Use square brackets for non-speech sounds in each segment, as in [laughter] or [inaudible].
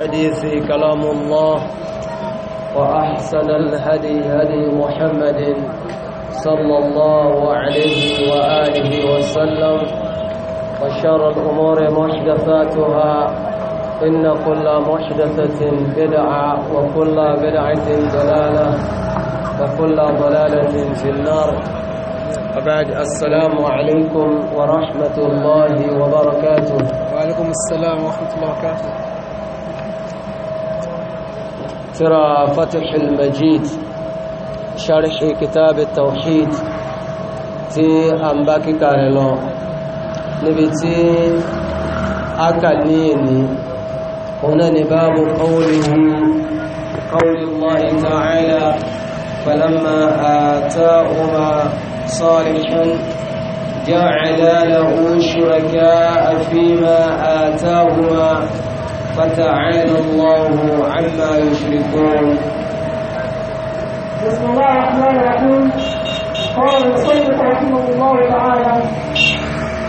حديث كلام الله وأحسن الهدي هدي محمد صلى الله عليه وآله وسلم وشر الأمور محدثاتها إن كل محدثة بدعة وكل بدعة ضلالة وكل ضلالة في النار وبعد السلام عليكم ورحمة الله وبركاته وعليكم السلام ورحمة الله وبركاته كافرة فتح المجيد شرح كتاب التوحيد تي أمباكي كارلو نبي تي أكاليني هنا نباب قوله قول الله تعالى فلما آتاهما صالحا جعل له شركاء فيما آتاهما فتعالى الله عما يشركون بسم الله الرحمن الرحيم قال المصنف رحمه الله تعالى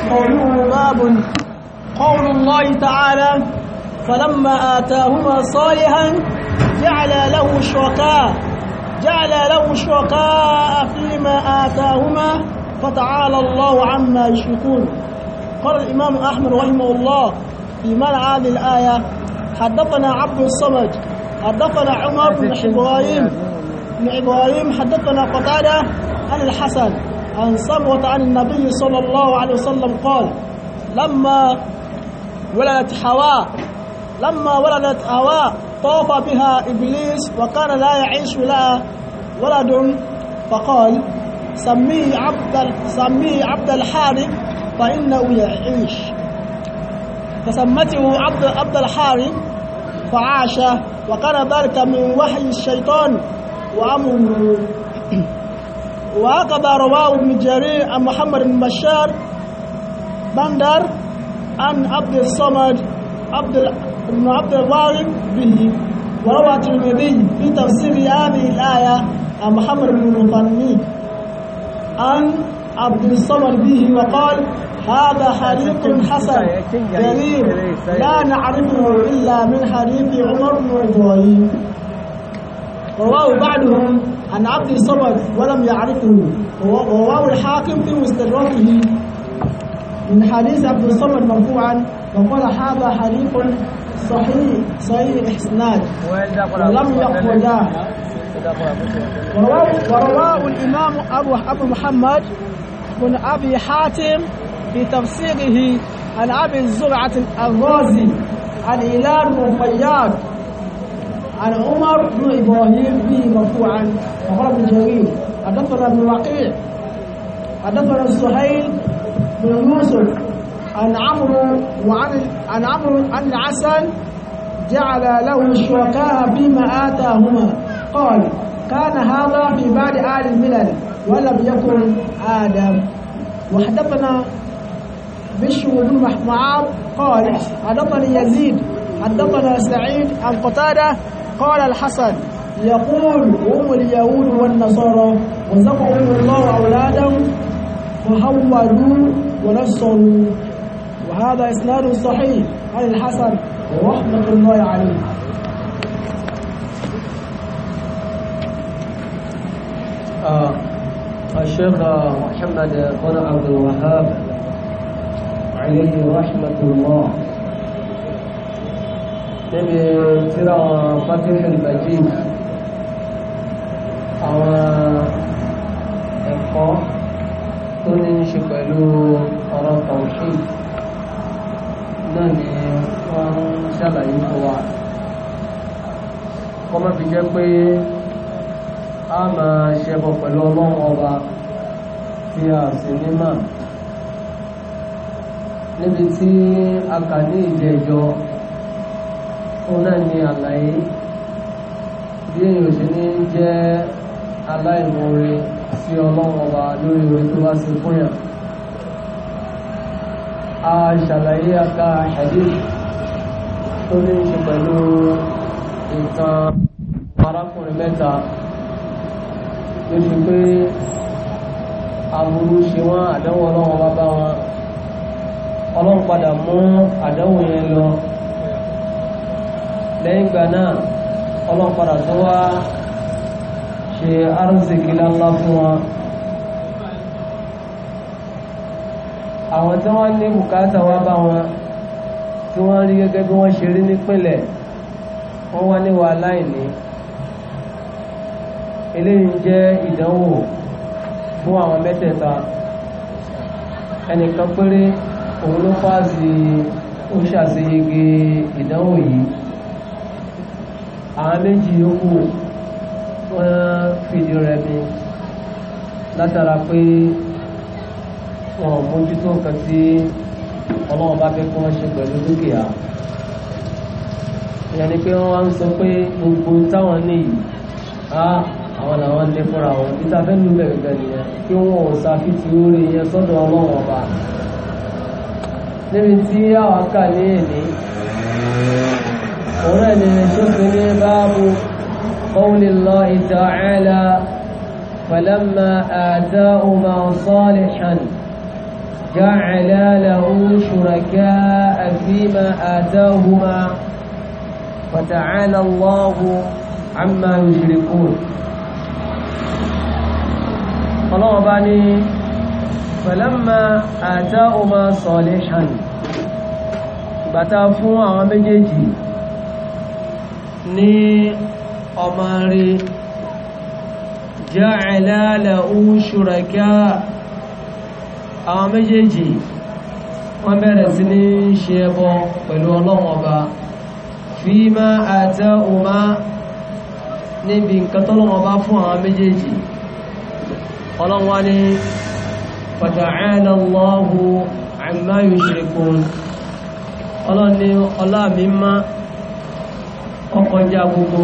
قوله باب قول الله تعالى فلما آتاهما صالحا جعل له شركاء جعل له شركاء فيما آتاهما فتعالى الله عما يشركون قال الإمام أحمد رحمه الله في معنى هذه الآية حدثنا عبد الصمد حدثنا عمر بن إبراهيم بن إبراهيم حدثنا قتادة عن الحسن عن صبوة عن النبي صلى الله عليه وسلم قال لما ولدت حواء لما ولدت حواء طاف بها إبليس وكان لا يعيش لها ولد فقال سميه عبد سميه عبد الحارث فإنه يعيش فسمته عبد عبد الحاري فعاش وكان ذلك من وحي الشيطان وأمره وهكذا رواه ابن جرير عن محمد بن بشار بندر عن عبد الصمد عبد بن عبد الوارث به وروى الترمذي في تفسير هذه الآية عن محمد بن المطني عن عبد الصمد به وقال هذا حديث حسن جليل لا نعرفه إلا من حديث عمر بن إبراهيم رواه بعدهم عن عبد الصمد ولم يعرفه رواه الحاكم في مستدركه من حديث عبد الصمد مرفوعا وقال هذا حديث صحيح صحيح الاسناد ولم يقبلاه ورواه الإمام أبو أبو محمد بن أبي حاتم بتفسيره عن أبي زرعة الرازي عن إلال بن فياض عن عمر بن إبراهيم به مرفوعا وهو بن جرير حدثنا ابن وقيع حدثنا سهيل بن يوسف عن عمرو وعن عن عمرو عن العسل جعل له شركاء فيما آتاهما قال كان هذا في بعد آل الملل ولم يكن آدم وحدثنا مشوا بن معاو قال حدثنا يزيد حدثنا سعيد عن قتادة قال الحسن يقول هم اليهود والنصارى وزقهم الله أولادهم وهودوا ونصروا وهذا إسناد صحيح عن الحسن ورحمة الله عليه آه. الشيخ محمد بن عبد الوهاب عليه رحمة الله níbi tíra wọn fatihul majid àwọn ẹ̀kọ́ tó ní í ṣe pẹ̀lú ọ̀rọ̀ tawhid náà ni wọ́n ń ṣàlàyé fún wa kọ́ má fi jẹ́ pé a a sì níbi tí a kà ní ìjẹ́jọ́ òun ni àlàyé bí èèyàn ṣe ní jẹ́ aláìmoore sí ọlọ́run ọba lórí orí tó bá sí fún yàn a ṣàlàyé aka hadith tó ní ṣe pẹ̀lú ìtàn arákùnrin mẹ́ta tó ṣe pé aburú ṣe wọ́n àdánwò ọlọ́run ọba bá wọn ọlọ́run padà mú àdánwò yẹn lọ lẹ́yìn ìgbà náà ọlọ́run padà tó wá ṣe arúzìkì ńláńlá fún wa àwọn tí wọ́n ní bùkátà wá bá wọn tí wọ́n rí gẹ́gẹ́ bí wọ́n ṣe rí nípìnlẹ̀ wọ́n wá níwà aláìní eléyìí jẹ́ ìdánwò fún àwọn mẹ́tẹ̀ẹ̀ta ẹnìkan péré òun ló fáàsì ó ṣàṣeyege ìdánwò yìí àwọn méjì yòókù wọ́n fìdí rẹ̀ mi látara pé wọn ò mójútó nǹkan tí ọlọ́run bá fẹ́ kí wọ́n ṣe pẹ̀lú dúkìá ìyẹn ni pé wọ́n wá ń sọ pé gbogbo táwọn ní yìí á àwọn làwọn lé fúnra wọn bí tá bẹ̀rẹ̀ bẹ̀rẹ̀ nìyẹn kí wọ́n ò sàfitì orí yẹn sọ́dọ̀ ọlọ́run ọba níbi tí àwọn kà ní èdè òun náà ni tó fi ní báàbù qawlillahi ta'ala falamma ata'um salihan ja'ala lahu shuraka'a fima atahuma وتعالى الله عما يشركون ọlọ́wọ́ bá ní فلما آتاهما صالحا بتافوا àwọn méjèèjì ní ọmọ rí ja'ala lahu shuraka àwọn méjèèjì wọ́n bẹ̀rẹ̀ sí ní ṣe ẹbọ pẹ̀lú Ọlọ́run Ọba fima atahuma níbi nǹkan tọ́lọ́run Ọba fún àwọn méjèèjì Ọlọ́run wá ní fata'ala الله amma yushrikun ọlọ́run ní ọlá mi má kọ́kọ́já gbogbo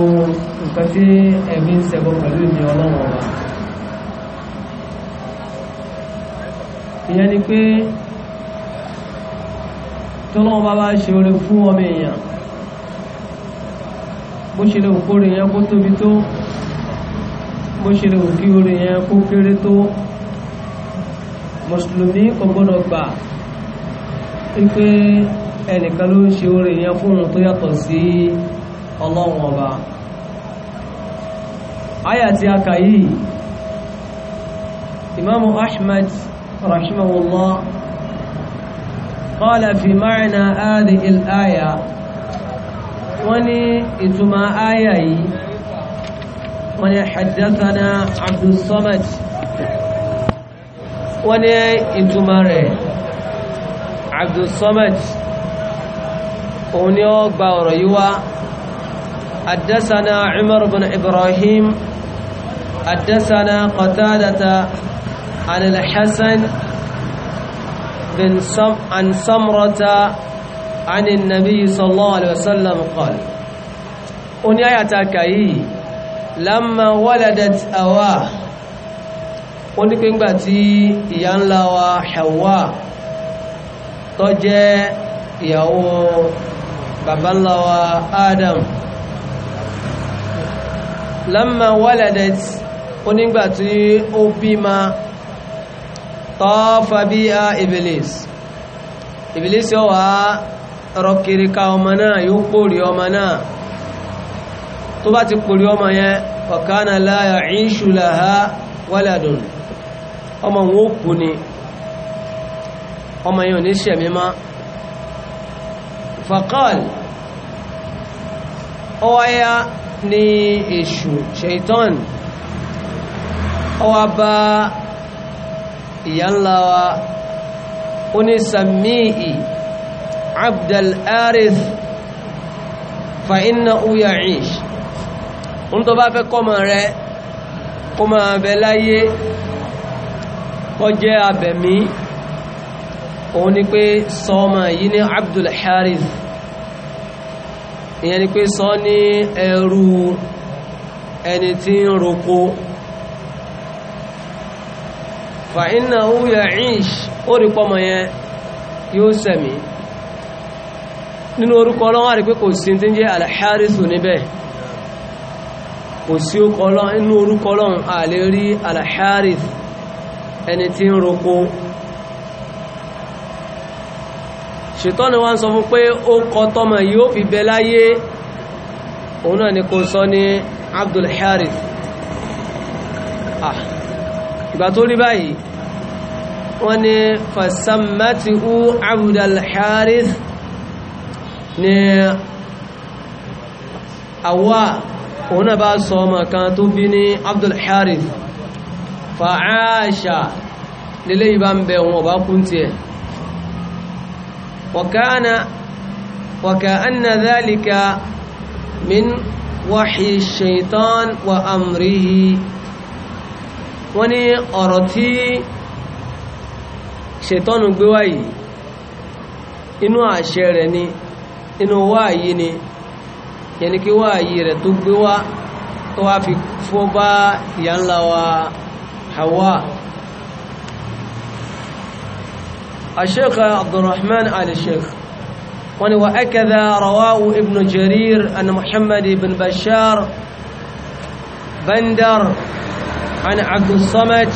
nǹkan tí ẹ̀mí ń ṣẹ̀bọ̀ pẹ̀lú ìmí ọlọ́run ọba ìyẹn ni pé tọ́lọ́wọ́ bá bá ṣe oore fún ọmọ èèyàn bó ṣe lè òkú oore yẹn kó tóbi tó bó ṣe lè òkú oore yẹn kó kéré tó mùsùlùmí kò gbọ́dọ̀ gbà wípé ẹnìkan ló ń ṣe oore yẹn fún òun tó yàtọ̀ sí ọlọ́run ọba àyà tí a kà yìí imamu ahmed rahimahullah qala fi ma'na hadhihi al-aya wọ́n ní ìtumọ̀ àyà yìí wọ́n وني ni ó gba عمر بن إبراهيم ادسنا قتادة عن الحسن بن سم عن سمرة عن النبي صلى الله عليه وسلم قال أن يأتاكي لما ولدت أواه ó ní pé ńgbà tí ìyá ńlá wa Hawa tó jẹ́ ìyàwó bàbá ńlá wa Adam lamma waladat ó nígbà tí ó bímọ tọ́fà bí a Iblis Iblis yóò wá rọkìríka ọmọ náà yóò pòrí ọmọ náà tó bá ti pòrí ọmọ yẹn wa kana la ya'ishu laha waladun ọmọ òun ó kú ni ọmọ yẹn ò ní ṣẹ̀mí má fàkàl ọwáyá ní èṣù ṣaitan ọwá bá ìyá ńlá wa ó ní sàmíì abdul arif uya ish ń tó bá fẹ́ kọ́mọ rẹ kọ́mọ abẹ ó jẹ́ abẹ̀mí òun ni pé sọ ọmọ yìí ní Abdul Harith ìyẹn ni pé sọ ní ẹrú ẹni tí ń roko fa innahu ya'ish ó rí pọ́mọ yẹn yóò sẹ̀mí nínú orúkọ ọlọ́wọ́ rí pé kò sí tí ń jẹ́ Al-Harith níbẹ̀ kò sí orúkọ ọlọ́wọ́ inú orúkọ ọlọ́wọ́ ẹni tí ń roko ṣètọ́ ni wọ́n sọ fún pé ó kọ tọ́mọ yóò fi bẹ láyé òun náà ni kò sọ ní Abdul Harith ah, ìgbà tó rí báyìí wọ́n ni fasammatihu Abdul Harith ni àwa òun náà bá sọ ọmọ kan tó bí ní Abdul Harith fàáṣà lílé ìbá ń bẹ wọn ọba kún tí ẹ̀ wàkà anna dhalika min wahyi shaitan wa amrihi wọ́n ní ọ̀rọ̀ tí shaitan gbé wáyìí inú àṣẹ rẹ̀ ni inú wáyìí ni yẹni kí wáyìí rẹ̀ tó gbé wá tó wá fi fó bá ìyá ńlá wa Hawa الشيخ عبد الرحمن آل الشيخ وكذا رواه ابن جرير أن محمد بن بشار بندر عن عبد الصمت،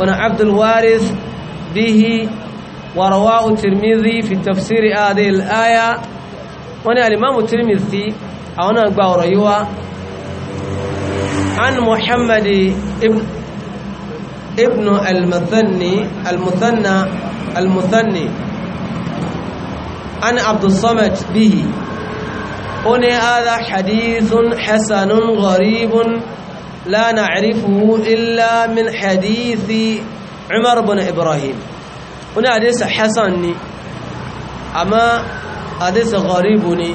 بن عبد الوارث به ورواه الترمذي في تفسير هذه الآية وانا الإمام الترمذي أو أنا أقبع عن محمد ابن ibnu al-muthanni al-muthanna al-muthanni an abdulsamad bihi ó ní hádá hadithun hasanun gharibun la na'rifuhu illa min hadithi umar bin ibrahim ó ní hadisa hasan ni àmá hadisa gharibu ni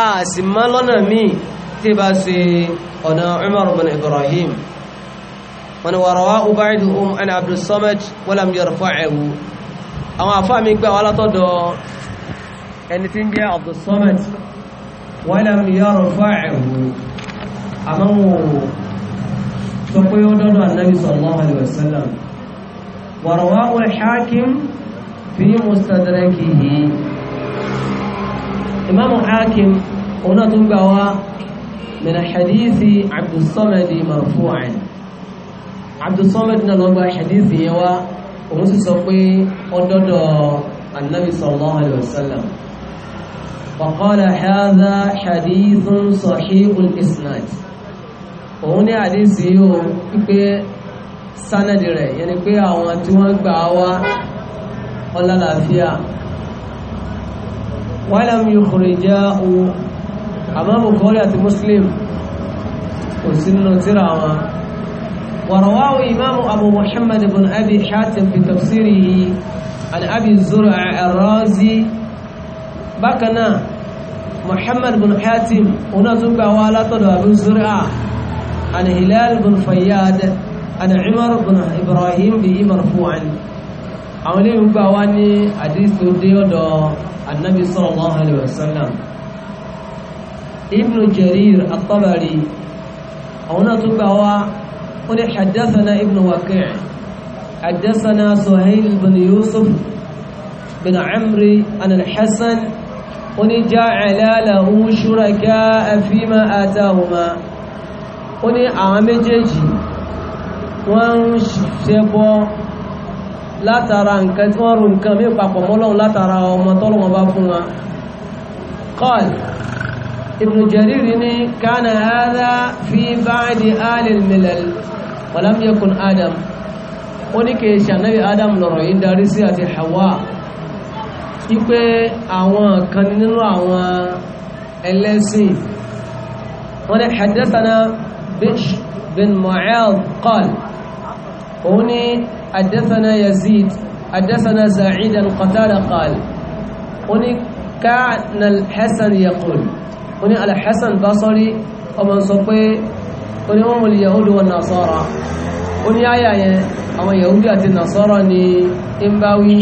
a sì má lọ́nà míì tí bá ṣe ọ̀nà umar bin ibrahim wọn ni warawahu ba'duhum an Abdus Samad wa lam yarfa'hu àwọn àfáà mi gbà wá látọ̀dọ̀ ẹni tí ń jẹ́ Abdus Samad wa lam yarfa'hu àmọ́ wọn sọ pé ó dọ́dọ̀ annabi sallallahu alaihi wasallam warawahu al-Hakim fi mustadrakihi imam al-Hakim ọ̀nà tó gbà wá من حديث عبد الصمد مرفوعا abdulsamad náà lọ́gbà hadith yẹn wá òun sì sọ pé ọdọ́dọ̀ annabi sallallahu alayhi wa هذا حديث صحيح الإسناد òun ní àdísì yóò pípé sánàdì rẹ̀ yẹni pé àwọn tí wọ́n gbà wá ọlálàáfíà walam yukhrijahu àmọ́ Bukhari àti Muslim kò sínú tíra wọn ورواه إمام أبو محمد بن أبي حاتم في تفسيره عن أبي الزرع الرازي بكنا محمد بن حاتم ونزوك والة أبو الزرع عن هلال بن فياد عن عمر بن إبراهيم به مرفوعا àwọn ilé ìgbà wá ní àdísò dé ọ̀dọ̀ annabi sallallahu alaihi wasallam ibn jarir at-tabari قل حدثنا ابن وقيع حدثنا سهيل بن يوسف بن عمري عن الحسن قل جعل له شركاء فيما آتاهما قل أعمجج وانشفوا لا nǹkan tí wọ́n rò nǹkan mí papọ̀ mọ́lọ́run látara ọmọ tọ́lọ́wọ́n ابن جرير كان هذا في بعد آل الملل ولم يكن آدم oníke ṣànábì Adam lọ̀rọ̀ yìí darí sí àti Hawa wípé àwọn kan nínú àwọn ẹlẹ́sìn wọ́n ni haddathana Bish bin Mu'adh qal òun ni haddathana Yazid haddathana Sa'id al-Qatada qal òun ni kana al oní alhassan basori ọmọ sọ pé oní wọ́n mọ̀lì yahudu wọn nasara oní ayà yẹn àwọn yahudu àti nasara ni in bá wí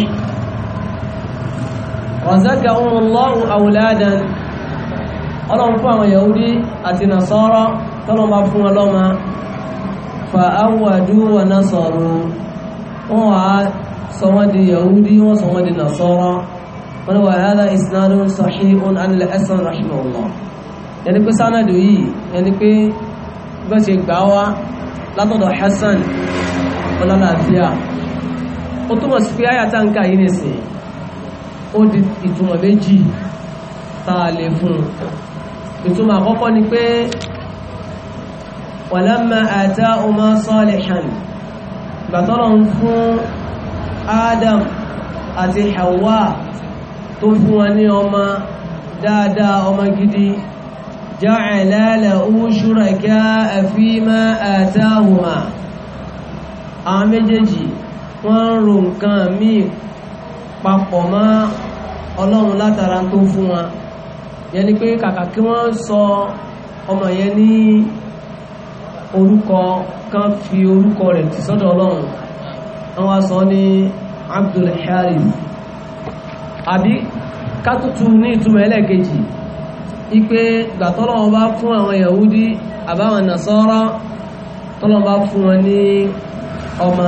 razaka umullahu awladan ọlọ́run fún àwọn yahudu àti nasara tọ́lọ́n bá fún ọlọ́mà fa awwadu wa nasaru wọ́n wá sọ yahudu wọ́n sọ wọ́n wọ́n wà hádà isnadun sahihun an al-Hasan rahimahullah yẹni pé sanadu yìí yẹni pé bẹ́ẹ̀ ṣe gbà wá látọ̀dọ̀ Hasan ọlọ́làáfíà ó túmọ̀ sí pé ayata ń ká yìí nìsín ó di ìtumọ̀ méjì tá lè fún ìtumọ̀ àkọ́kọ́ ni pé walamma ata'uma salihan gbàtọ́rọ̀ fún Adam àti Hawa tó fún wa ní ọmọ dáadáa ọmọ gidi ja'ala lahu shuraka'a fima atahuma àwọn méjèèjì wọ́n ń ro nǹkan míì papọ̀ mọ́ ọlọ́run látara tó fún wa yẹn ni pé kàkà kí wọ́n sọ ọmọ yẹn ní orúkọ kan fi orúkọ rẹ̀ sọ́dọ̀ ọlọ́run wọ́n wá sọ ní Abdul Harith àbí kátútù ní ìtumọ̀ ẹlẹ́ẹ̀kejì ipe gbà tọ́lọ́wọ́n bá fún àwọn Yahudi àbáwọn Nasara tọ́lọ́wọ́n bá fún wọn ní ọmọ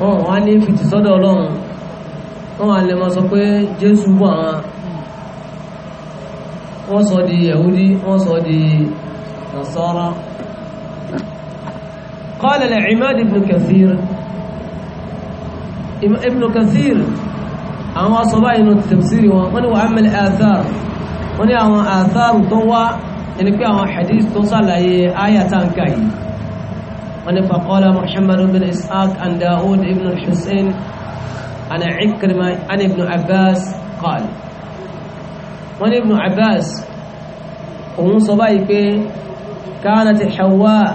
wọn wá ní fìtì sọ́dọ̀ ọlọ́run wọn wà lè sọ pé Jésù bọ̀ àwọn wọ́n sọ di Yahudi wọ́n sọ di Nasara قال لعماد بن كثير ابن كثير àwọn wá sọ báyìí nù tafsiri wọn wọ́n ni wà ámìlì àtàr wọ́n ni àwọn àtàrù tó wá ẹni pé àwọn hadith tó sàlàyé ayata ń kàyí wọ́n ni faqala muhammad bin ishaq and daoud ibn hussein and ikrima and ibn abbas qal wọ́n ni ibn abbas òun sọ báyìí pé كانت حواء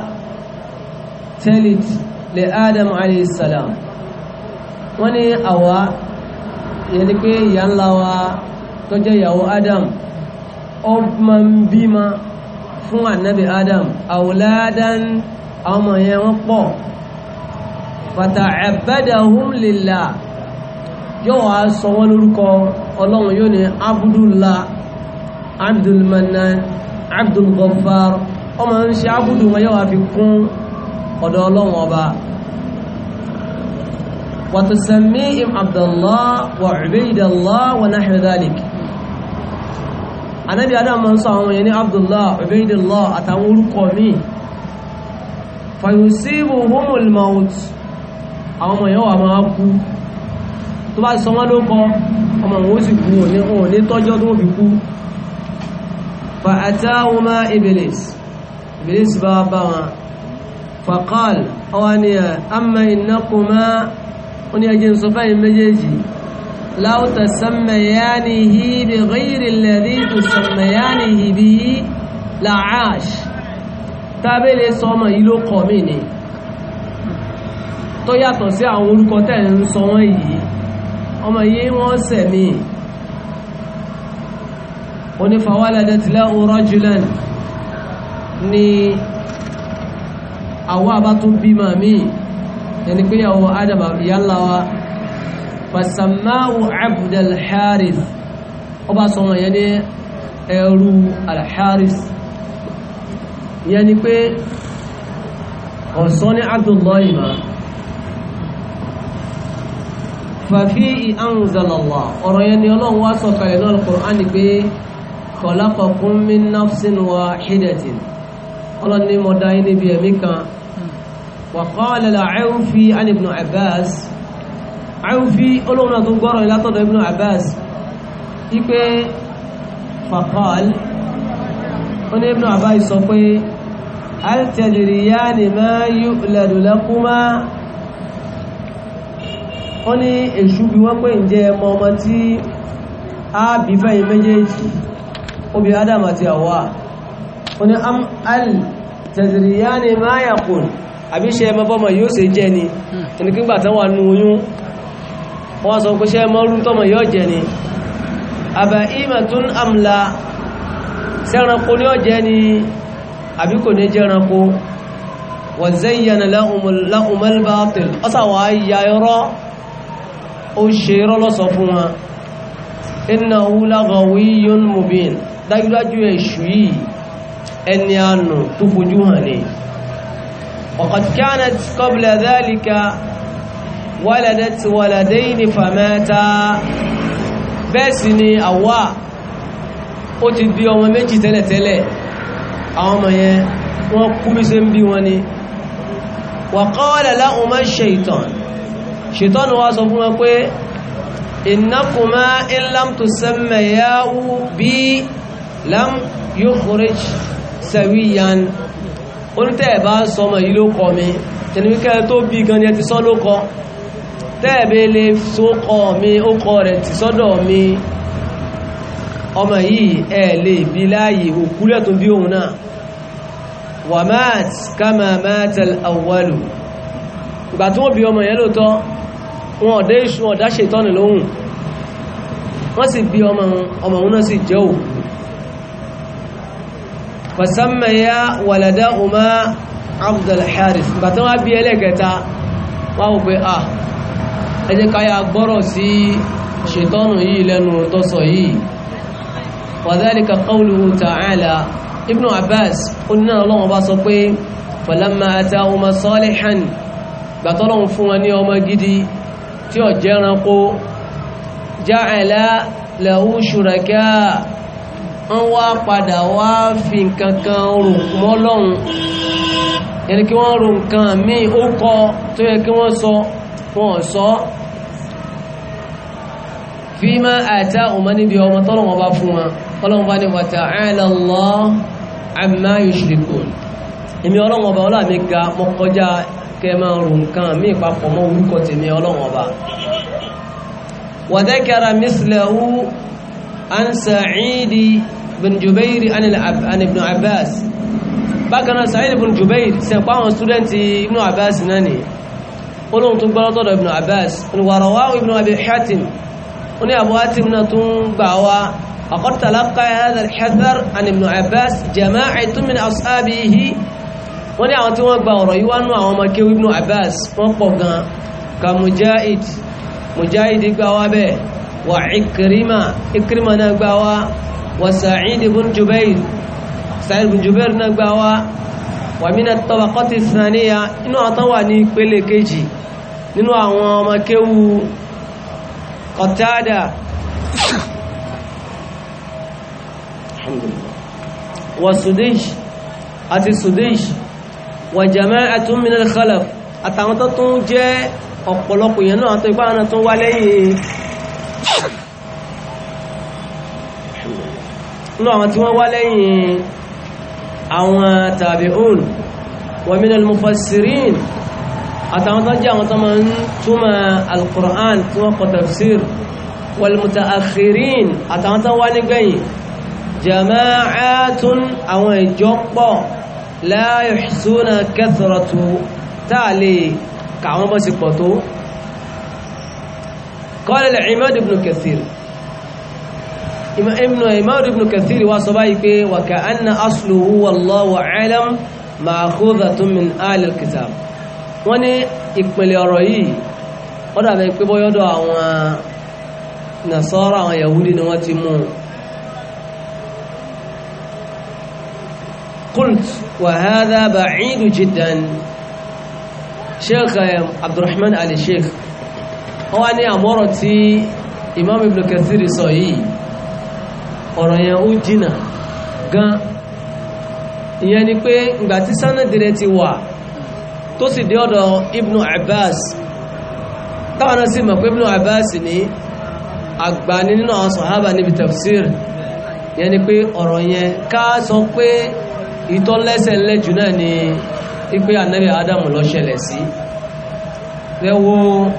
تلد لآدم عليه السلام وني أوا ìyẹn ni pé ìyá ńlá wa tó jẹ́ ìyàwó adam ó ma ń bímọ fún ànábì adam àwòládán àwọn ọmọ yẹn wọ́n pọ̀ bàtà àbádàhùn lillah yóò wá sọ wọ́n lórúkọ ọlọ́run yóò ní abdullah abdulmanan abdulghaffar ọmọ ń ṣe abudu wọn yóò wá fi kún ọ̀dọ̀ ọlọ́run ọba وتسميهم عبد الله وعبيد الله ونحو ذلك anabi adam man sọ àwọn yẹn ní abdullah ubaidullah àtàwọn orúkọ míì fayusibu humul maut àwọn ọmọ yẹn wà máa kú tó bá sọ wọn ló kọ ọmọ wọn ó sì kú òní òní tọ́jọ́ tó fi kú fa atahuma ibilis ibilis bá bá wọn faqal ọwọ́ ni ẹ̀ amma innakuma ó ní ẹjẹ́ ń sọ fẹ́yìn méjèèjì law tasammiyanihi bi ghayri alladhi tusammiyanihi bihi la'ash tábílẹ̀ sọ ọmọ yìí ló kọ̀ mí ni tó yàtọ̀ sí àwọn orúkọ tẹ́ ń sọ wọ́n yìí ọmọ yìí wọ́n sẹ̀ mí onífàwálẹ̀dẹ̀ tilẹ̀ rajulan ni àwọn àbá tó bímọ míì ẹni pé ìyàwó adam ìyáláwa fasamáwò abd al-haris ó bá sọ wọn yẹn ní ẹrú al-haris ìyẹn ni pé ọ̀sán ní abdullahi ma fàfí ìhànzàlọ́wà ọ̀rọ̀ yẹn ni ọlọ́run wá sọ̀kalẹ̀ náà al-Qur'an ni pé khalaqakum min nafsin wahidatin ọlọ́run ni mo dá yín níbi ẹ̀mí kan وقال لعوفي عن ابن عباس عوفي قلونا تنقر إلى طب ابن عباس إيكي فقال قل ابن عباس صفي هل تجريان ما يؤلد لكما wọ́n ní èṣù bí wọ́n pé ǹjẹ́ ẹmọ ọmọ tí a bí fẹ́yìn méjèèjì obi adam àti àwọ́ wọ́n ní am al tẹ̀sìrìyà ni máa yàkùn àbí ṣe ẹmọ bọ́mọ yóò ṣe jẹ́ ni hmm. ẹnikígbà tán wà nú oyún wọ́n sọ pé ṣe ẹmọ rú tọ́mọ yóò jẹ́ ni àbà ìmẹ̀tún àmìlà sẹ́ranko ní ọjẹ́ ni àbí kò ní jẹ́ranko wọ́n zẹ́yẹn láhùnmọ́lbátil ọ́sàwọ̀ ayà ẹ̀rọ ó ṣe ẹ̀rọ ẹni àánú tó fojú hàn ni وقد كانت قبل ذلك ولدت ولدين فماتا bẹ́ẹ̀ sì ni àwa ó ti bí ọmọ méjì tẹ́lẹ̀tẹ́lẹ̀ àwọn ọmọ yẹn wọ́n kú bí ṣe ń bí wọn ni wa qala lahuma shaytan shaytan wá sọ fún wọn pé innakuma in lam tusammayahu bi lam yukhrij sawiyan onítẹ̀ bá sọmọ yìí ló kọ mi ẹni wíkẹ́ tó bí gan ni ẹ ti sọ ló kọ tẹ́ẹ̀bẹ́ lè sókọ mi ó kọ rẹ̀ ti sọ́dọ̀ mi ọmọ yìí ẹ lè bí láàyè òkúlẹ̀ tó bí òun náà wà máàt kama máàtẹ̀l àwọlù ìgbà tí bí ọmọ yẹn lóòtọ́ wọn ọ̀dá ṣètọ́nì lóhùn wọ́n sì bí ọmọ òun náà sì jẹ́ òun fàsánmẹ̀yà wàlàdá ọmọ abdul harith bàtán wá bí ẹlẹ́gẹta wá wò pé à ah, ẹjẹ́ káyà gbọ́rọ̀ sí ṣètọ́nù yìí lẹ́nu tó sọ yìí wàdálìkà qawluhu ta'ala ibn abbas ó ní náà lọ́wọ́ bá sọ pé falamma ata ọmọ salihan gbàtọ́lọ́hun fún wọn ní ọmọ gidi tí ó jẹ́ranko ja'ala lahu shuraka wọ́n wá padà wá fi nǹkan kan rò mọ́ lọ́hùn yẹni kí wọ́n rò nǹkan míì ó kọ tó yẹ kí wọ́n sọ wọ́n sọ fi máa àtà ọmọ níbi ọmọ tọ́lọ̀ wọn bá fún wọn ọlọ́run bá ní wa ta'ala Allah amma èmi ọlọ́run ọba ọlọ́run mi ga mọ́ kọjá kẹ máa rò nǹkan míì papọ̀ mọ́ orúkọ tèmi ọlọ́run ọba wa dhakara mislahu an Sa'idi bin Jubair an ibn Abbas bákan náà Sa'id ibn Jubair sẹ́pá àwọn stúdẹ́ntì ibn Abbas náà ni olóhun tó gbọ́rọ̀ tọ́dọ̀ ibn Abbas wàrọ̀wá ibn Abi Hatim ó ní Abu Hatim náà tún gbà wá وقد تلقى هذا الحذر عن ابن عباس جماعة من أصحابه وني àwọn tí wọ́n gba ọ̀rọ̀ yìí wá nú àwọn ọmọ kéwú ibn abbas wọ́n pọ̀ mujahid mujahid gba wa ikrima ikrima náà gba وسعيد بن جبير سعيد بن جبير نقبوا ومن الطبقة الثانية إنه أطوى نيكبلي كيجي nínú àwọn ọmọ kéwú Qatada wa Sudaysh àti Sudaysh wa jama'atun min al-khalaf àtàwọn tó tún jẹ́ ọ̀pọ̀lọpọ̀ yẹn náà tó ipá àwọn tó wá lẹ́yìn nínú àwọn tí wọ́n wá lẹ́yìn àwọn tàbíùn wa minal mufassirin àtàwọn tó jẹ́ àwọn tó máa ń túmọ̀ al-Qur'an tí wọ́n kọ tafsir wal mutaakhirin àtàwọn tó wá nígbẹ̀yìn jama'atun àwọn ìjọpọ̀ la yuhsuna kathratu táà lè kàwọn bọ́ sí pọ̀ tó qala al-Imad ibn Kathir ibnu imam ibn kathir wa sọ báyìí pé wa ka anna asluhu wallahu alam ma'khudhatun min ahli alkitab wọ́n ní ìpìlẹ̀ ọ̀rọ̀ yìí wọ́n dàbẹ̀ pé bọ́yọ́dọ̀ àwọn nasara àwọn yahudi ni wọ́n ti mú qult wa hadha ba'idu jiddan sheikh um, abdurrahman ali sheikh wọ́n wá ní imam ibn kathir sọ yìí ọ̀rọ̀ yẹn ó jìnà gan ìyẹn ni pé ìgbà tí sanadi rẹ̀ ti wà tó sì dé ọ̀dọ̀ Ibnu Abbas táwọn náà sì mọ̀ pé Ibnu Abbas ní àgbà ní nínú àwọn sàhábà níbi tafsir yẹn ni pé ọ̀rọ̀ yẹn ká sọ pé ìtọ́lẹ́sẹ̀ lẹ́jù náà ni ipé ànábì Ádámù ló ṣẹlẹ̀ sí lẹ́wọ́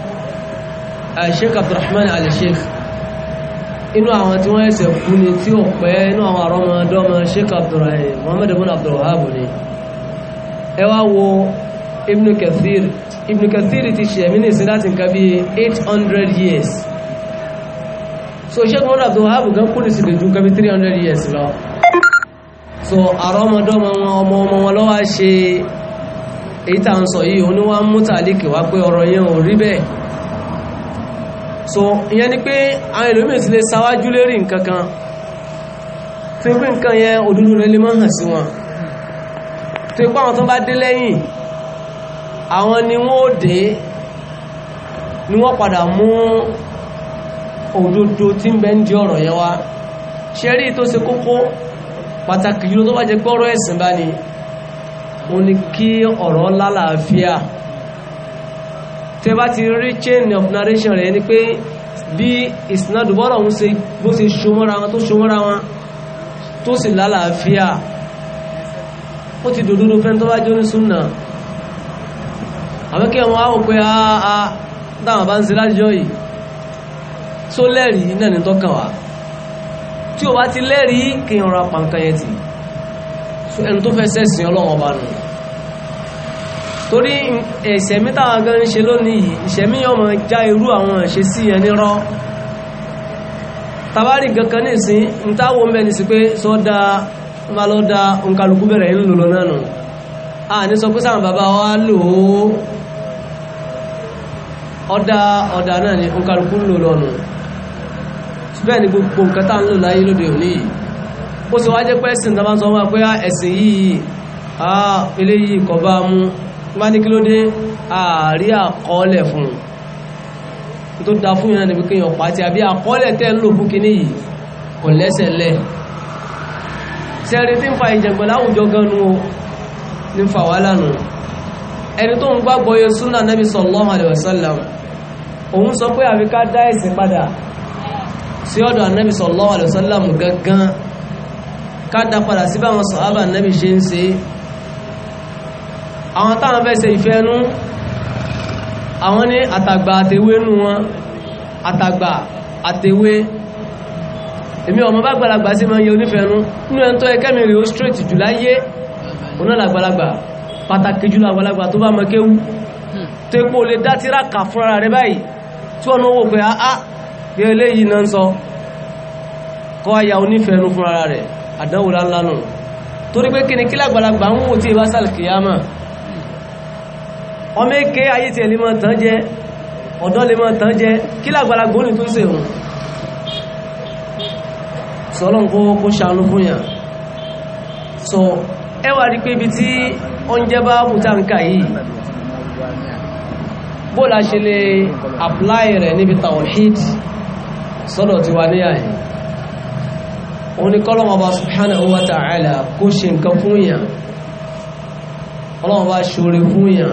eh, Sheikh Abdurrahman al inú àwọn tí wọ́n ẹ̀sẹ̀ kú ni tí ó pẹ́ inú àwọn àrọ́mọdọ́mọ sheik abdulrahim muhammad ibn abdulwahab ni ẹ wá wo ibn kathir ibn kathir ti ṣe ẹ̀mí nìsín láti nǹkan bí 800 years so sheik muhammad abdulwahab gan kú ní sì lè ju nǹkan bí 300 years lọ so àrọ́mọdọ́mọ wọn ọmọ ọmọ wọn lọ́wọ́ ṣe èyí tà ń sọ yìí oníwà mú tàlíkì wá pé ọ̀rọ̀ yẹn ò rí bẹ́ẹ̀ so ìyẹn ni pé àwọn ẹlòmíì ti lè sáwájú lérí nǹkan kan tó pé nǹkan yẹn òdúdú rẹ̀ lè mọ́ hàn sí wọn tó pé àwọn tó bá dé lẹ́yìn àwọn ni wọ́n ó dé ni wọ́n padà mú òdodo tí ń bẹ ń di ọ̀rọ̀ yẹn wá ṣe rí tó ṣe kókó pàtàkì jùlọ tó bá jẹ gbọ́rọ̀ ẹ̀sìn bá ni ó ní kí ọ̀rọ̀ lálàáfíà la tẹ bá ti rí chain of narration rẹ̀ ni pé bí ìsinadùbọ́rọ̀ ń ṣe bó ṣe ṣomọ́ra wọn tó ṣomọ́ra wọn tó sì lálàáfíà ó ti dòdúdó fẹ́ tó bá jẹ́ oníṣúnà àbẹ́kẹ́ wọn á wò pé àà dáwọn bá ń ṣe lájọ́ yìí tó lẹ́rìí náà ní tọ́kàn wá tí o bá ti lẹ́rìí kí n ra pàǹkan ẹni tó fẹ́ sẹ́sìn ọlọ́wọ́n bá nù torí eh, ìṣẹ̀mí táwọn gan ń ṣe lónìí yìí ìṣẹ̀mí yọ mọ̀ já irú àwọn ìṣe sí ẹni rọ́ tabari gankan ní ìsín ní táwọn mẹ́ni sí pé sọ́dá bá lọ́ da òǹkàlùkù bẹ̀rẹ̀ ń lò náà nù a ní sọ pé sáwọn bàbá wa lò ó ọ̀dà ọ̀dà náà ni òǹkàlùkù ń lò lọ́nù bẹ́ẹ̀ ni gbogbo nǹkan tá ń lò láyé lóde òní yìí ó sì wá jẹ́ pé ẹ̀sìn tá sọ wọn pé ah, ẹ̀sìn yìí ah, eléyìí kò bá mú tí wọ́n ní kí ló dé ààrí àkọọ́lẹ̀ fún un tó da fún yẹn níbi kéèyàn pàtí àbí àkọọ́lẹ̀ tẹ́ ń lò fún kíní yìí kò lẹ́sẹ̀ lẹ̀ sẹ́rin tí ń fa ìjẹ̀gbọ̀n láwùjọ ganu o ní fa wàhálà nù ẹni tó ń gbàgbọ́ yẹ súnà nẹ́bí sallallahu alaihi òun sọ pé àfi ká dá ẹ̀sìn padà sí ọ̀dọ̀ ànẹ́bí sallallahu alaihi gangan ká dá padà sí báwọn sàhábà ànẹ́bí ṣe ń ṣe é àwọn táwọn fẹ́ ṣe ìfẹ́ ẹnu àwọn ní àtàgbà àtewé nù wọn àtàgbà àtewé èmi ọmọ bá gbàlagbà sí máa ń yẹ onífẹ́ ẹnu nínú ẹni tó ẹkẹ́ mi rí ó straight jù láyé oná làgbàlagbà pàtàkì jùlọ àgbàlagbà tó bá mọ kéwú hmm. tó epo lè dá tíraka fúnra rẹ báyìí tí ọ̀nà owó pé áá bí eléyìí náà ń sọ kọ́ àyà onífẹ́ ẹnu fúnra rẹ̀ àdánwò láńlá torí pé kíni kí ń wò tí ì bá ọmọ èké ayé tí ẹlẹ́mọ̀ tán jẹ́ ọ̀dọ́ lẹ́mọ̀ tán jẹ́ kí làgbàlagbà ní tó ṣe òun sọ́lọ́n kó kó ṣàánú fún yàn sọ ẹwà rí pé ibi tí oúnjẹ bá bùtà ń kà yìí bó la ṣe lè apply rẹ̀ níbi tawhid sọ́dọ̀ ti wà níyà bá subhanahu fún yàn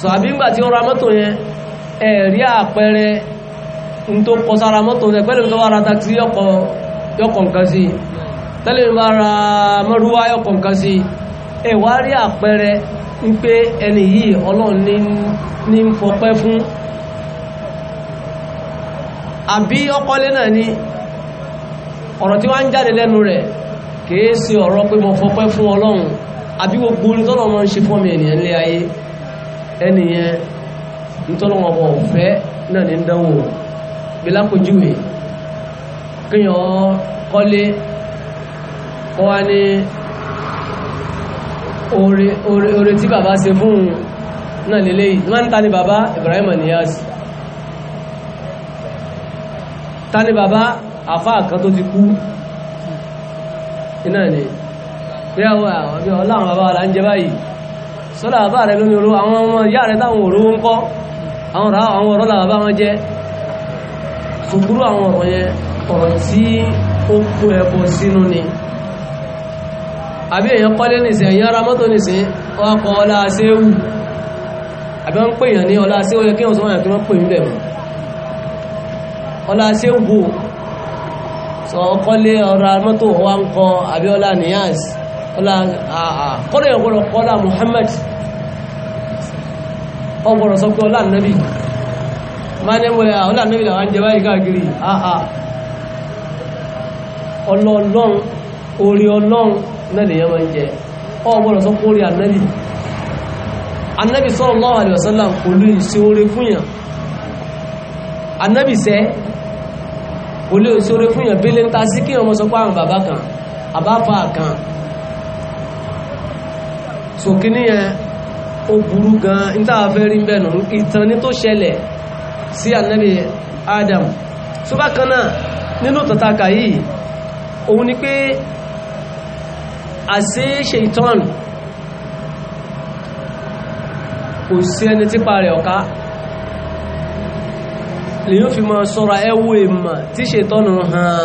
so àbí ńgbà tí ó ra mọ́tò yẹn ẹ̀rí àpẹẹrẹ n tó kọ sára mọ́tò rẹ̀ pẹ́lú tó bá ra taxi yọkọ̀ nǹkan sí tẹ́lẹ̀ bá ra mọ́rúwá yọkọ̀ nǹkan sí ẹ wá rí àpẹẹrẹ ń pé ẹni yìí ọlọ́run ní ń fọpẹ́ fún àbí ọkọlé náà ni ọ̀rọ̀ tí wá ń jáde lẹ́nu rẹ̀ kìí sí ọ̀rọ̀ pé mo fọpẹ́ fún ọlọ́run àbí gbogbo orin tọ́lọ́ mọ́ ń ṣe fọ́mì ènìyàn lé ayé ẹnìyẹn nítọ́lọ́wọ́ ọmọ ọ̀fẹ́ náà ní dánwò bí lápòjúwe kíyàn kọ́lé kọ́ wá ní oore tí bàbá ṣe fún náà lélẹ́ yìí wọ́n ń ta bàbá Ibrahim Niyas ta ní bàbá àfáà kan tó ti kú iná ni bí àwọn ọlọ́run bàbá wa là jẹ báyìí sọ́lá àbá rẹ̀ lómi olówó àwọn ọmọ ìyá rẹ̀ táwọn olówó ń kọ́ àwọn ọ̀rọ̀ àwọn ọ̀rọ̀ làbá wọn jẹ́ kúkúrú àwọn ọ̀rọ̀ yẹn ọ̀rọ̀ tí ó kó ẹbọ sínú ni àbí èèyàn kọ́lé nìsín èèyàn ara mọ́tò nìsín wọ́n kọ́ ọlá aṣéwù àbí wọ́n ń pè èèyàn ní ọlá aṣéwù yẹ kí wọ́n sọ wọ́n yàn kí wọ́n pè ń bẹ̀ mọ́ ọlá aṣéwù sọ ọkọ́lé ọ̀rọ̀ mọ́tò wọ́n ń kọ́ àbí ọlá nìyàsí kọ́lẹ̀ ọgbọ̀rọ̀ kọ́lá Muhammad ọgbọ̀rọ̀ sọ pé ọlá nẹ́bì ma ní mọ̀ ọlá nẹ́bì làwọn jẹ báyìí káàkiri àà ọlọ́ọ̀lọ́n orí ọlọ́n nẹ́lẹ̀ yẹn ma ń jẹ ọgbọ̀rọ̀ sọ pé orí anẹ́bì anẹ́bì sallallahu alaihi wasallam olú ìṣe orí fúnyàn anẹ́bì sẹ́ olú ìṣe orí fúnyàn bí lẹ́ńtà sí kí ọmọ sọ àwọn bàbá kan àbáfà kan so kini, yẹn ó burú gan níta fẹ́ rí bẹ́ẹ̀ nù ìtàn ní tó ṣẹlẹ̀ sí ànábì Adam so bákan náà nínú tàtàkà yìí òun ni pé àṣẹ ṣèitán kò sí ẹni típa rẹ̀ ọ̀ká lèyàn fi máa sọ́ra ẹwọ́ èmà tí ṣèitán hàn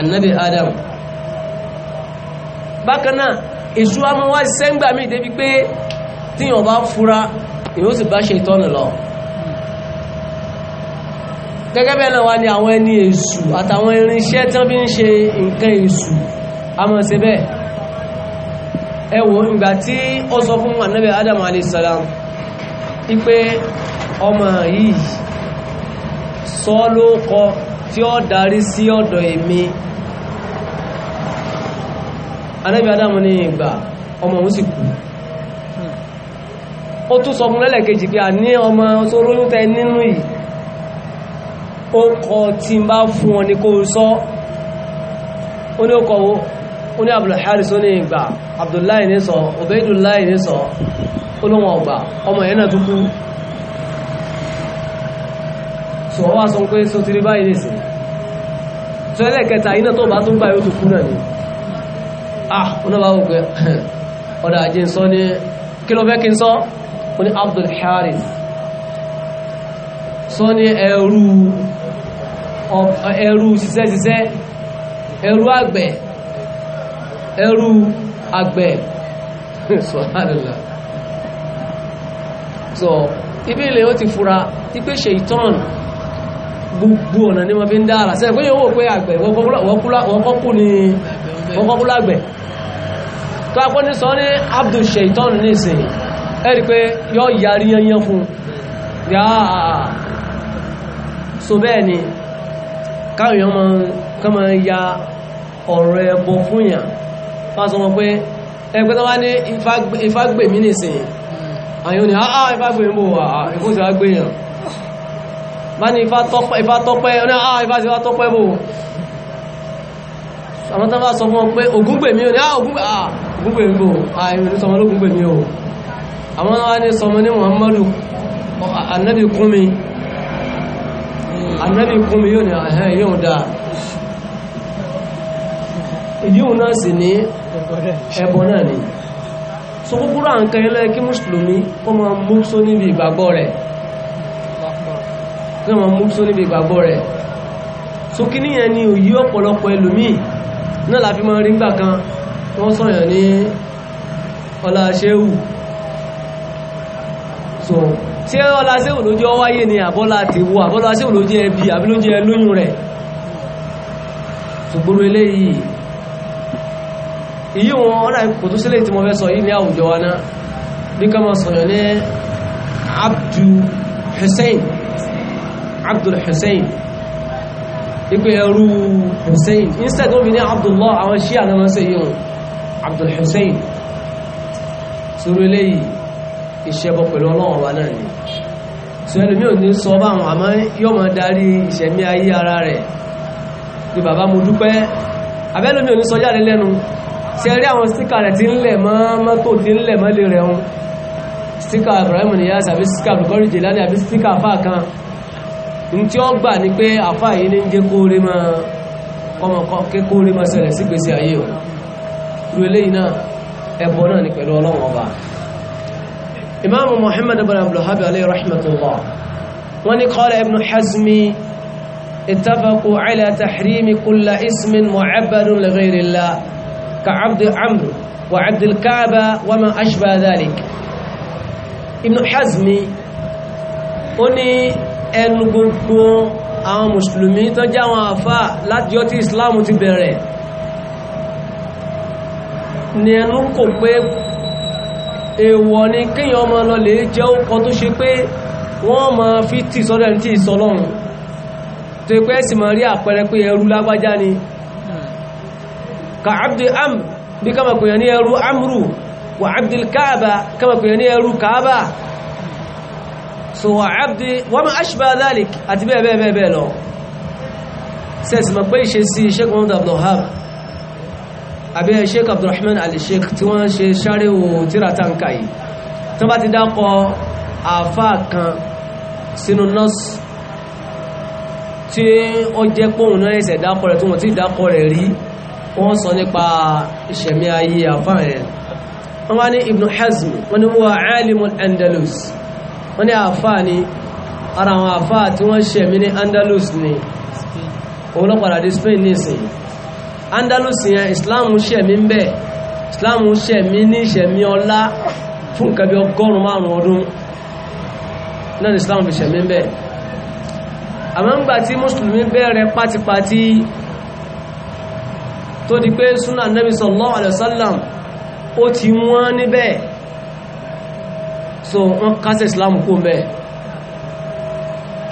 ànábì Adam bákan náà èṣù a máa wá sẹ́ngbà mí débi pé tíyàn bá fura èyí ó sì bá ṣe ìtọ́nù lọ gẹ́gẹ́ bẹ́ẹ̀ náà wá ní àwọn ẹni èṣù àtàwọn irinṣẹ́ tí wọ́n fi ń ṣe nǹkan èṣù a máa ṣe bẹ́ẹ̀ ẹ wò ìgbà tí ó sọ fún ànábì Adam alayhi salam ipe ọmọ yìí sọ ló kọ tí ó darí sí ọ̀dọ̀ èmi anábì adamu ní ìgbà ọmọ òun sì kú ó tún sọ fún lẹ́lẹ̀kejì pé a ní ọmọ tó lóyún tẹ nínú yìí ó kọ tí n bá fún ọ ní kó sọ ó ní ó kọ wo ó ní abdulharis ó ní ìgbà abdullahi ní sọ obedulahi ní sọ ó lóun ọgbà ọmọ yẹn náà tó kú sọ ah onáwà wò pé ọ̀dà ní kí ló fẹ́ kí n sọ ó ní eru Haris sọ ní ẹrú eru agbe [laughs] subhanallah so ibi ilẹ̀ ti fura ti pé ṣe gbogbo ọ̀nà ni wọ́n fi ń dára sẹ́fẹ́ yóò wò pé àgbẹ̀ wọ́kọ́kú ní wọ́kọ́kú tó apọ́ ní sọ ní abdul shaitan ní ìsìn ẹ̀rí pé yọ yàrí yanyan fún yáà so bẹ́ẹ̀ ni káwọn èèyàn máa ya ọ̀rọ̀ ẹbọ fún yàn wọ́n sọ wọn pé ẹgbẹ́ tó ah, ah, wá ní ah, ìfagbèmí nìsìn àyíò ní àá ìfagbèmí bò wà ìkó ti wá gbé yàn bá ní ìfá tọ́pẹ́ ní àá ìfá ti wá tọ́pẹ́ bò àwọn tó bá sọ fún wọn pé ògúngbèmí ní àá ògúngbèmí gúgbè ń bò àìrìn ní sọmọ ló gúgbè ní o àwọn wá ní sọmọ ní muhammadu annabi kúnmi annabi kúnmi yóò ní àhẹ́ yóò dáa ìdíhùn náà sì ní ẹbọ náà ni so gbogbo àǹkan ẹlẹ́ kí mùsùlùmí wọ́n máa mú só níbi ìgbàgbọ́ rẹ̀ wọ́n máa mú níbi ìgbàgbọ́ rẹ̀ so kí níyẹn ni òyí ọ̀pọ̀lọpọ̀ ẹlòmíì náà la fi máa rí gbà kan wọ́n sọ̀yàn ní ọlá ṣéwù so tí ọlá ṣéwù ló jẹ́ wáyé ni àbọ́lá ti wo àbọ́lá ṣéwù ló jẹ́ ẹbí àbí ló jẹ́ lóyún rẹ̀ ṣùgbọ́n eléyìí èyí wọn ọ̀nà kò tó sílẹ̀ tí mo fẹ́ sọ yìí ní àwùjọ wa náà bí ká máa sọ̀yàn ní Abdu Hussein Abdul Hussein ipe ẹrú Hussein instead wọ́n fi ní Abdullah àwọn ṣíà náà wọ́n sẹ́yìn wọn Abdul Hussein sórí eléyìí ìṣẹ́bọ pẹ̀lú ọlọ́run ọba náà ni sọ ẹlòmí ò ní sọ báwọn àmọ́ yóò máa darí ìṣẹ̀mí ayé ara rẹ̀ ní bàbá mo dúpẹ́ abẹ́lòmí ò ní sọ jáde lẹ́nu ṣe rí àwọn síkà rẹ̀ tí ń lẹ̀ mọ́ mọ́tò tí ń lẹ̀ mọ́lẹ̀ rẹ̀ hun kan ní tí ó gbà ní pé àfà yìí ní ń jẹ́ kóore máa kọ́mọ kékóore máa ṣẹlẹ̀ sígbèsè ayé o irú eléyìí náà ẹbọ náà ni pẹ̀lú ọlọ́run ọba imaamu muhammad ibn abdulhabi alayhi rahmatullah wọ́n ní qala ibn hazmi ittafaqu ala tahrimi kulla ismin mu'abbadun li ghayri llah ka abdi amr wa abdi kaaba wa ma ashba dhalik ibn hazmi ó ní ẹnu gbogbo àwọn mùsùlùmí tó jáwọn àfá láti yọ tí islam ti bẹ̀rẹ̀ ni ẹnu kò pé èèwọ̀ ni kíyàn ọmọ lọ lè jẹ́ ọkọ̀ tó ṣe pé wọ́n ma fi tì sọ́dọ̀ ní tí ìsọlọ́run tó pẹ́ sì ma rí àpẹẹrẹ pé ẹrú lágbájá ni ka abdi am bí kama pè amru wa abdi kaaba kama pè ní kaaba so wa abdi wa ma ashba dhalik àti bẹ́ẹ̀ bẹ́ẹ̀ bẹ́ẹ̀ lọ sẹ́sì ma pé ìṣesí ṣẹ́gun abdullahi àbí sheik abdulrahman al-sheik tí wọ́n ṣe sáré ohun tíra tánkà yìí tí wọ́n bá ti dákọ àfá kan sínú nọ́ọ̀sì tí ó jẹ́ pòun náà ẹ̀sẹ̀ dákọ rẹ̀ tí wọ́n ti dákọ rẹ̀ rí wọ́n sọ nípa ìṣẹ̀mí ayé àfá rẹ̀ wọ́n wá ní ibn hazm wọ́n ní wọ́n alimul andalus wọ́n ní àfá ni ara àwọn àfá tí wọ́n ṣẹ̀mí ní andalus ni òun lọ́pàá dé spain ní Andalus yẹn Islam ṣẹ̀mí ń bẹ̀ Islam ṣẹ̀mí ní ìṣẹ̀mí ọlá fún nǹkan bí ọgọ́rùn márùn ọdún náà ni Islam fi ṣẹ̀mí ń bẹ̀ àmọ́ ń gbà tí mùsùlùmí bẹ̀rẹ̀ pátipátí tó di pé súnà Nabi sallallahu alaihi wasallam ó ti wọ́n níbẹ̀ so wọ́n kásẹ̀ Islam kó mẹ́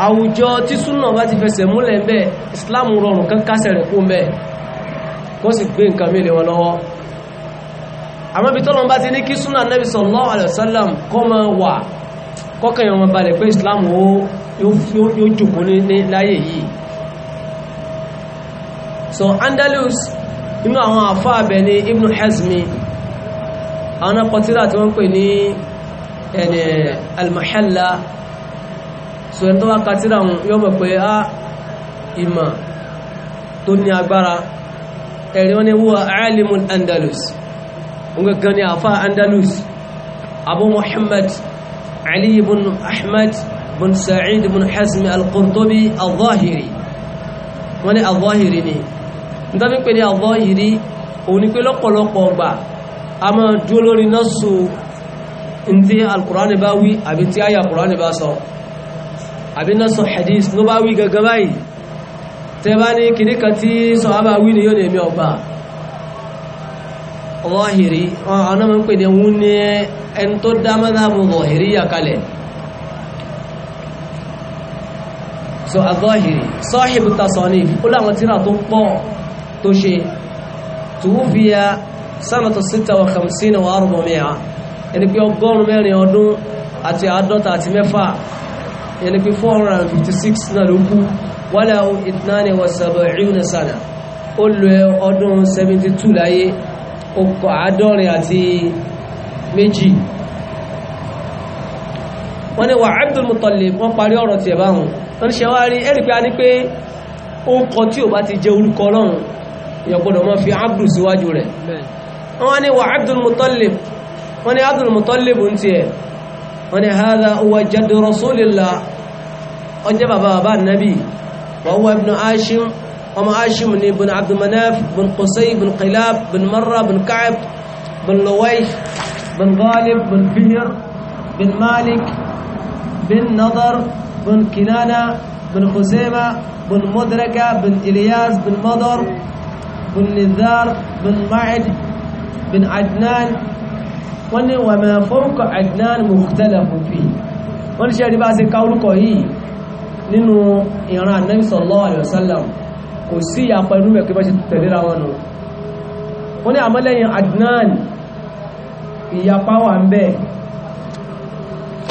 àwùjọ tí súnà bá ti fẹsẹ̀ múlẹ̀ ń Islam rọrùn kan kásẹ̀ rẹ̀ kó mẹ́ kó sì gbé nǹkan mílẹ̀ wọn lọ́wọ́ àmọ́ ibi tọ́lọ́n bá ti ní kí súnà nẹ́bí sallallahu alaihi wasallam kọ́ mọ́ wà kọ́kàn yẹn wọn balẹ̀ pé islam yóò jùkú ní láyé yìí so andalus inú àwọn àfá abẹ ní ibn hazmi àwọn akọtíra tí wọ́n pè ní ẹni almahalla so ẹni tó wá katíra wọn yóò mọ̀ pé á ah, ìmọ̀ tó ní agbára ẹ̀rí wọn ni huwa alimun andalus ngangan ni àfá andalus abu muhammad ali ibn ahmad ibn sa'id ibn hasmi al-qurtubi al-zahiri wọ́n ní al-zahiri ni nítorí pé ní al-zahiri òun ni pé lọ́pọ̀lọpọ̀ ọgbà a máa dúó lórí náà so ntí al-Qur'ani bá wí àbí tí àyà al-Qur'ani bá sọ àbí náà sọ hadith ló bá wí gẹ́gẹ́ tẹ́bá ní kìdí kan tí sọ̀hábà wí ni yóò lè mi ọgbà wọ́n hìrí ọ̀nà mọ́ ń pè ní wọ́n ní ẹn tó dá mọ́sáàbù wọ̀ hìrí yàkalẹ̀ so azọ́hìrí sọ́hìbù tasọ̀ní ó láwọn tíra tó pọ̀ tó ṣe tùwúfìyà sánàtò síta wà kàmsínà wà arùbọ̀ mẹ́à ẹni pé ọgọ́rùn mẹ́rin ọdún àti àádọ́ta àti mẹ́fà ẹni pé 456 náà ló kú wala ithnani wa sab'una sana ó lò ọdún 72 láyé ọkọ̀ àádọ́rin àti méjì wọ́n ni wà Abdul Muttalib wọ́n parí ọ̀rọ̀ tí ẹ̀bá hùn wọ́n ni ṣẹwárí ẹ̀rì pé a ní pé ó kọ tí ò bá ti jẹ orúkọ Ọlọ́run ìyọ̀gbọ́dọ̀ mọ́ fi Abdul síwájú rẹ̀ wọ́n ni wà Abdul Muttalib wọ́n ni وهو ابن هاشم وما هاشم بن عبد مناف بن قصي بن قلاب بن مرة بن كعب بن لويح بن غالب بن فهر بن مالك بن نضر بن كنانة بن خزيمة بن مدركة بن إلياس بن مضر بن نذار بن معد بن عدنان وما فوق عدنان مختلف فيه wọ́n بعض rí bá nínú ìran Ànábì sallallahu alaihi wasallam kò sí ìyapa inú mẹ́kí bọ́n ṣe tẹ̀léra wọn nù wọ́n ní àmọ́lẹ́yìn Adnan ìyapa wà ń bẹ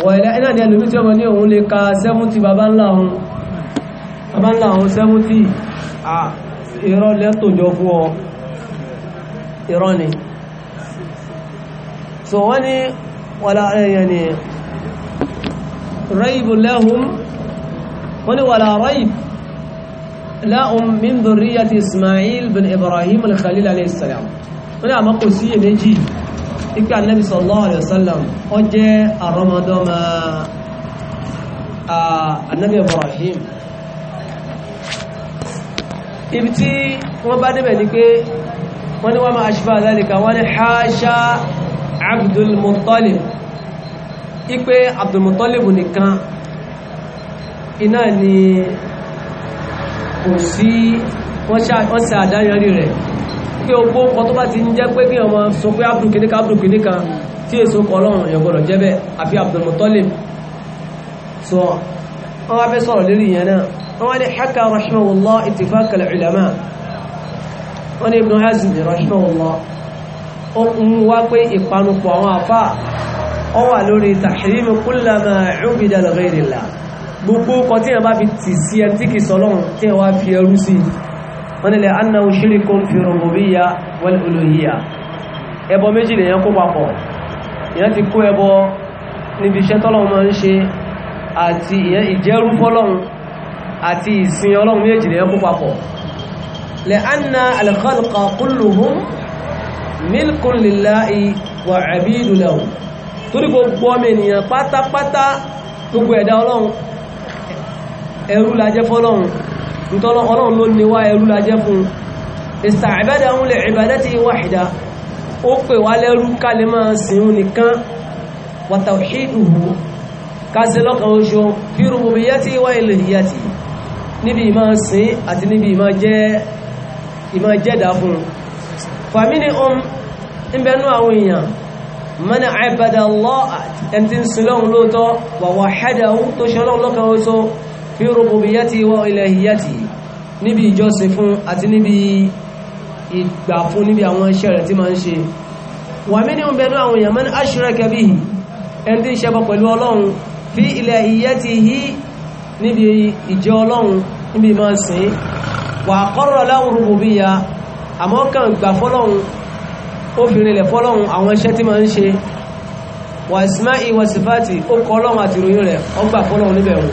wọ̀ẹ̀lẹ́ iná ni ẹlòmí tí ọmọ ní òun lè ka 70 bàbá ńlá 70 à irọ́ fún ọ irọ́ ni so wọ́n ní wọ́lá ẹ̀yẹn ni raibu lahum wọ́n ní wala rayb lahum min dhurriyyati ismail bin ibrahim al-khalil alayhis salam wọ́n ní àmọ́ kò sí iyèméjì ikpe anabi sallallahu alayhi wa sallam ó jẹ́ àrọ́mọdọ́mọ anabi ah, ibrahim ibi tí wọ́n bá débẹ̀ ni pé wọ́n ní wọ́n máa ṣífà dhalika wọ́n ní haṣá abdulmutalib ipe abdulmutalib nìkan iná ni kò sí wọ́n ṣe àdáyọrí rẹ̀ pé ogbó kan tó bá ti ń jẹ́ pé kí ọmọ sọ pé abdul kìnníkan abdul kìnníkan tí èso kọ ọlọ́run èèyàn gbọ́dọ̀ jẹ́ bẹ́ẹ̀ àbí Abdul Muttalib sọ wọ́n wá fẹ́ sọ̀rọ̀ lérí yẹn náà wọ́n wá ní haka rahimahullah ittifaq al-ulama wọ́n ní lórí tahrimi kulla ma ubida li ghayrillah gbogbo kan tí yẹn bá fi tì sí ẹ tí kì í sọlọ́run tí yẹn wá fi ẹrú sí wọ́n nílẹ̀ annahu shirikun fi rububiyya wal uluhiyya ẹbọ méjì lèyàn kó papọ̀ ìyẹn ti kó ẹbọ níbi iṣẹ́ tọ́lọ́run wa abidu lahu torí gbogbo ọmọ ènìyàn pátápátá gbogbo ẹ̀dá ọlọ́run ẹrú la jẹ́ fọ́lọ́run nítorí ọlọ́run ló ní wá ẹrú la jẹ́ fún ìsàbẹ́dà ń lè ìbàdẹ́tì wàhídà ó pè wá lẹ́rú ká lè máa sìn nìkan wàtàwíhìdùhù kásẹ̀ lọ́kàn oṣù fi rububiyyati wa ilahiyyati níbi ìmá sìn àti níbi ìmá jẹ́dà fún fàmílì ohun ìbẹ̀nú tó ṣe lọ́hun lọ́kàn oṣù fi rububiyyati wa ilahiyyati níbi ìjọsìn fún àti níbi ìgbà fún níbi àwọn iṣẹ́ rẹ̀ tí ma ń ṣe wà mí ní ọmọbẹ̀nú àwọn èèyàn man ashraka bihi ẹni tí ń ṣẹbọ pẹ̀lú ọlọ́run fi ilahiyyatihi níbi ìjẹ́ ọlọ́run níbi ma ń sìn wà kọ́rọ̀ láwọn rububiyya àmọ́ kàn gbà fọ́lọ́run ó fi rinlẹ̀ fọ́lọ́run àwọn iṣẹ́ tí ma ń ṣe ó kọ́ ọlọ́run àti ìròyìn rẹ̀ ọgbà fọ́lọ́run níbẹ̀rún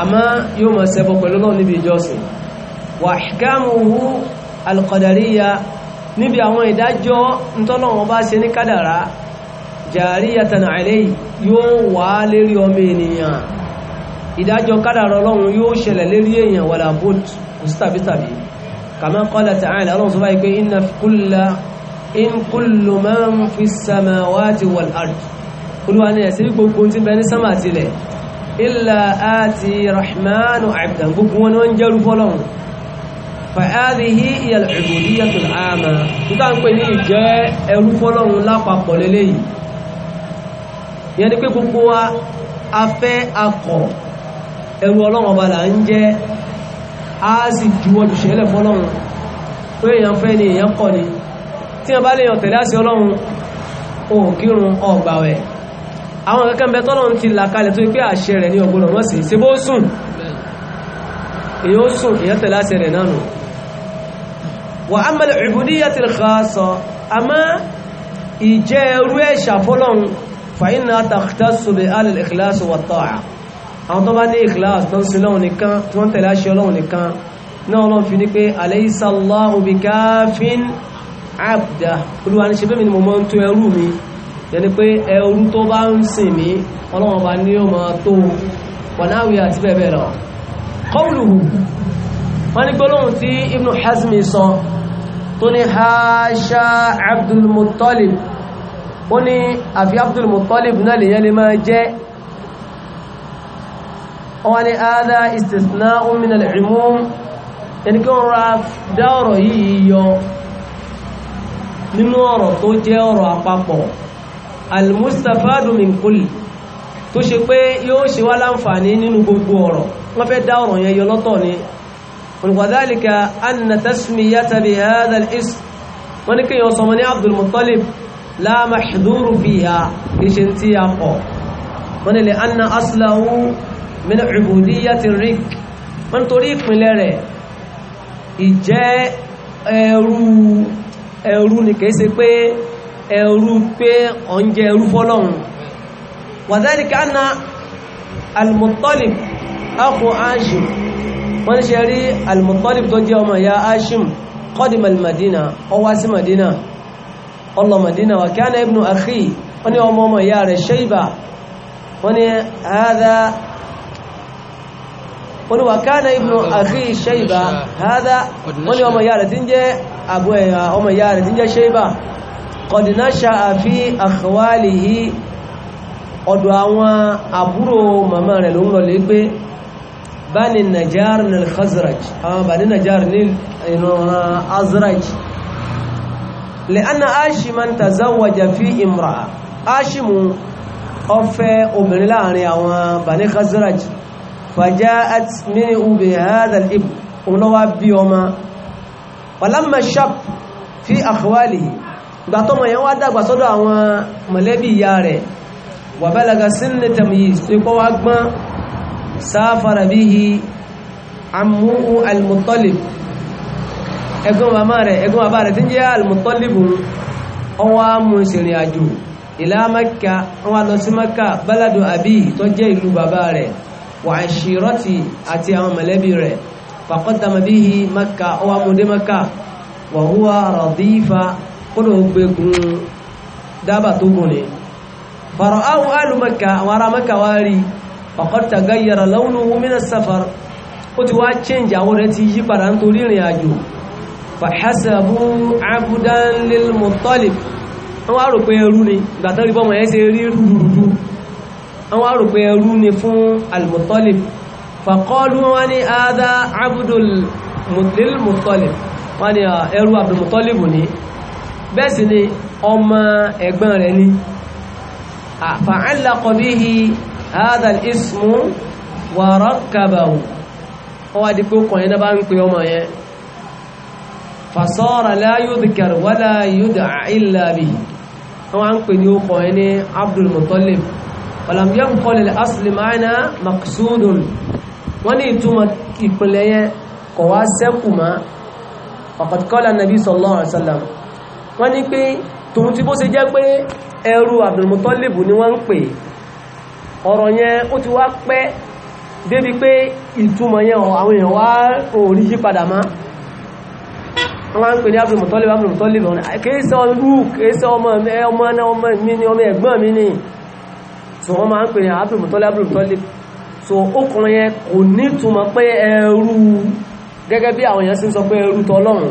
àmá yóò mọ̀ ṣẹbọ pẹ̀lú Ọlọ́run níbi ìjọsìn wà ahkamuhu alqadariya níbi àwọn ìdájọ́ ntọ́lọ́wọ́n bá ṣe ní kádàrá jariyatan alayhi yóò wà lérí ọmọ ènìyàn ìdájọ́ kádàrá Ọlọ́run yóò ṣẹlẹ̀ lérí èèyàn wàlà bóòt kò sí tàbítàbí kama qala ta'ala Ọlọ́run sọ báyìí pé inna kulla in kullu man fi illa àti rahmanu abdan gbogbo wọn wọ́n jẹ́rú fọ́lọ́run fàádìí ìyàl ìbòdíyàtul àmà nígbà ń pè ní ìjẹ́ ẹrú fọ́lọ́run lápapọ̀ lélẹ́yìí yẹn ni pé gbogbo wa afẹ́ akọ̀ ẹrú ọlọ́run ọba là ń jẹ́ a sì juwọ́jú ṣẹlẹ̀ fọ́lọ́run pé èèyàn fẹ́ ni èèyàn kọ̀ ni tí wọ́n bá lè yàn tẹ̀lé àṣẹ ọlọ́run òkírun ọgbàwẹ̀ àwọn kankan bẹ tọ́lọ̀ ti làkalẹ̀ tó pé àṣẹ rẹ̀ ní ọgbọ̀nà wọ́n sì ṣe bó sùn èyí ó sùn èyí tẹ̀lá ṣe rẹ̀ náà nù wà á mẹ́lẹ̀ ìbúdíyàtil khassa àmá ìjẹ́ ẹrú ẹ̀ṣà fọ́lọ́n fàyínà takhtassu bi alil ikhlas wa ta'a abda olúwa ní ṣe bẹ́ẹ̀ mi ni mo mọ́ ń tó ẹrú mi yẹni pé ẹrú tó bá ń sìn mí ọlọ́wọ́n bá ní ó máa tó wọ̀náwí àti bẹ́ẹ̀ lọ kọlùhù wọ́n ní gbọ́lọ́hùn tí Ibn Hazmi sọ tó ní haṣá Abdul Muttalib ó ní àfi Abdul Muttalib náà lè yẹni máa jẹ́ wọ́n ní ádá istisna'un min al yẹni kí wọ́n ra dá yìí yọ nínú ọ̀rọ̀ tó jẹ́ ọ̀rọ̀ àpapọ̀ almustafadu min kulli tó ṣe pé yóò ṣe wá láǹfààní nínú gbogbo ọ̀rọ̀ wọ́n fẹ́ dá ọ̀rọ̀ yẹn yọ lọ́tọ̀ ni olùkọ̀dálìkà anna tasmiyata bi hadha al-ism wọ́n ní kí yọ sọmọ ní Abdul Muttalib la mahduru fiha iṣẹ́ tí a kọ̀ anna aslahu min ubudiyyati rik wọ́n torí ìpínlẹ̀ rẹ̀ ìjẹ́ ẹrú ẹrú ni kìí ṣe pé ẹ̀rú pé ọ̀njẹ́ ẹ̀rú fọ́lọ́run wàdálìkà na al-Muttalib akọ ashim wọ́n ṣe rí al-Muttalib tó jẹ́ ọmọ ya ashim qadima al-Madina ó wá sí Madina ọlọ Madina wà kana ibnu akhi wọ́n ni ọmọ ọmọ ya rẹ̀ Shayba wọ́n ni hadha wọ́n ni wà kana akhi Shayba wọ́n ni ọmọ ya rẹ̀ tí ń jẹ́ Abu ọmọ ya rẹ̀ tí ń jẹ́ Shayba kọ̀dínà ṣàfi في yìí ọ̀dọ̀ àwọn àbúrò màmá rẹ̀ ló ń lọ lè gbé bá ní Najar ní Khazraj àwọn bà ní Najar ní ìrànà Azraj lè anna Ashiman tazawwaja fi imra'a Ashimu ọfẹ́ obìnrin láàrin àwọn bà ní Khazraj فجاءت منه بهذا الإبن ونوى ولما شاب في أخواله ìgbà tọ́mọ yẹn wá dàgbà sọ́dọ̀ àwọn mọ̀lẹ́bí ìyá rẹ̀ wà balaga sinni tamyiz tó ikọ́ wá gbọ́n sáfàrà bihi amúhù al-Muttalib ẹgbọ́n bàbá rẹ̀ ẹgbọ́n bàbá rẹ̀ tí ń jẹ́ al ọwọ́ mú ìsìnrìn àjò ìlà Mẹ́kà wọ́n lọ sí Mẹ́kà báládù àbí tó jẹ́ ìlú bàbá rẹ̀ wà àṣírọ́tì àti àwọn mọ̀lẹ́bí rẹ̀ faqaddama bihi Mẹ́kà ọwọ́ mú dé Mẹ́kà wa huwa radifa kódò gbé gun dábà tó gùn ní fara áwọ alù maka àwọn ará maka wá rí ọkọ̀ta gayyara launin homina safar ó ti wá change àwọn rẹ̀ ti yí padà nítorí ìrìn àjò fàhásàbú abudan lil muttalib wọ́n wá rò pé ni gbàtọ́rí bọ́mọ ni bẹ́ẹ̀ sì ni ọmọ ẹ̀gbọ́n rẹ̀ ni fa'allaqa bihi hadha al-ismu wa rakkabahu ó wá di pé ó kọ̀yẹ́ náà bá ń pè ọmọ yẹn fasara la yudhkar wala yud'a illa bihi wọ́n ń pè ní ó kọ̀yẹ́ ní Abdul Muttalib walam yabqa lil asli ma'na wọ́n ní pé tòun ti bó ṣe jẹ́ pé ẹrú Abdulmutalib ni wọ́n ń pè ọ̀rọ̀ yẹn ó ti wá pẹ́ débi pé ìtumọ̀ yẹn àwọn èèyàn wá òrí yípadà má wọ́n ń pè ní Abdulmutalib Abdulmutalib kéèsẹ́ ọmọ kéèsẹ́ ọmọ mi ni ọmọ ẹ̀gbọ́n mi ni so wọ́n máa ń pè ní Abdulmutalib Abdulmutalib so ọkùnrin yẹn kò ní ìtumọ̀ pé ẹrú gẹ́gẹ́ bí àwọn èèyàn sì ń sọ pé ẹrú tọlọ́run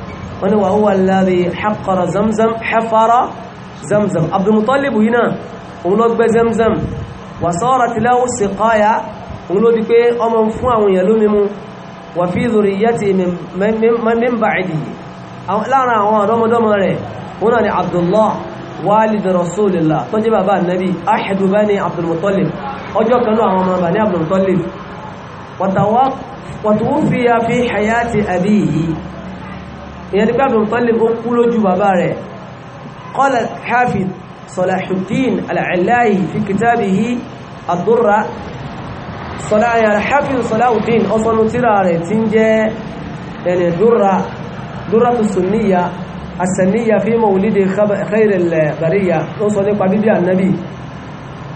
wọ́n ni wà huwa alladhi haqqara zamzam hafara zamzam Abdul Muttalib yìí náà òun ló gbẹ́ zamzam wa sarat lahu siqaya òun ló di pé ọmọ fún àwọn èèyàn ló mímú wa fi dhurriyyati min ba'di lára àwọn ọ̀dọ́mọdọ́mọ rẹ̀ wọ́n náà ni Abdullah walid rasulillah tó jẹ́ bàbá nabi ahidu bani Abdul Muttalib ọjọ́ kanú àwọn ọmọ bani Abdul Muttalib wa tuwfiya fi hayati abihi ìyẹn ni káàdùn tọ́lẹ̀ ó kú lójú bàbá rẹ̀ qala hafiz salahuddin al'allahi fi kitabihi ad-durra hafiz salahuddin ọsọnu tíra rẹ̀ tí ń jẹ́ ẹni durra durra tó sunniya asaniya fi mawulidi khairil bariya ó sọ nípa bíbí annabi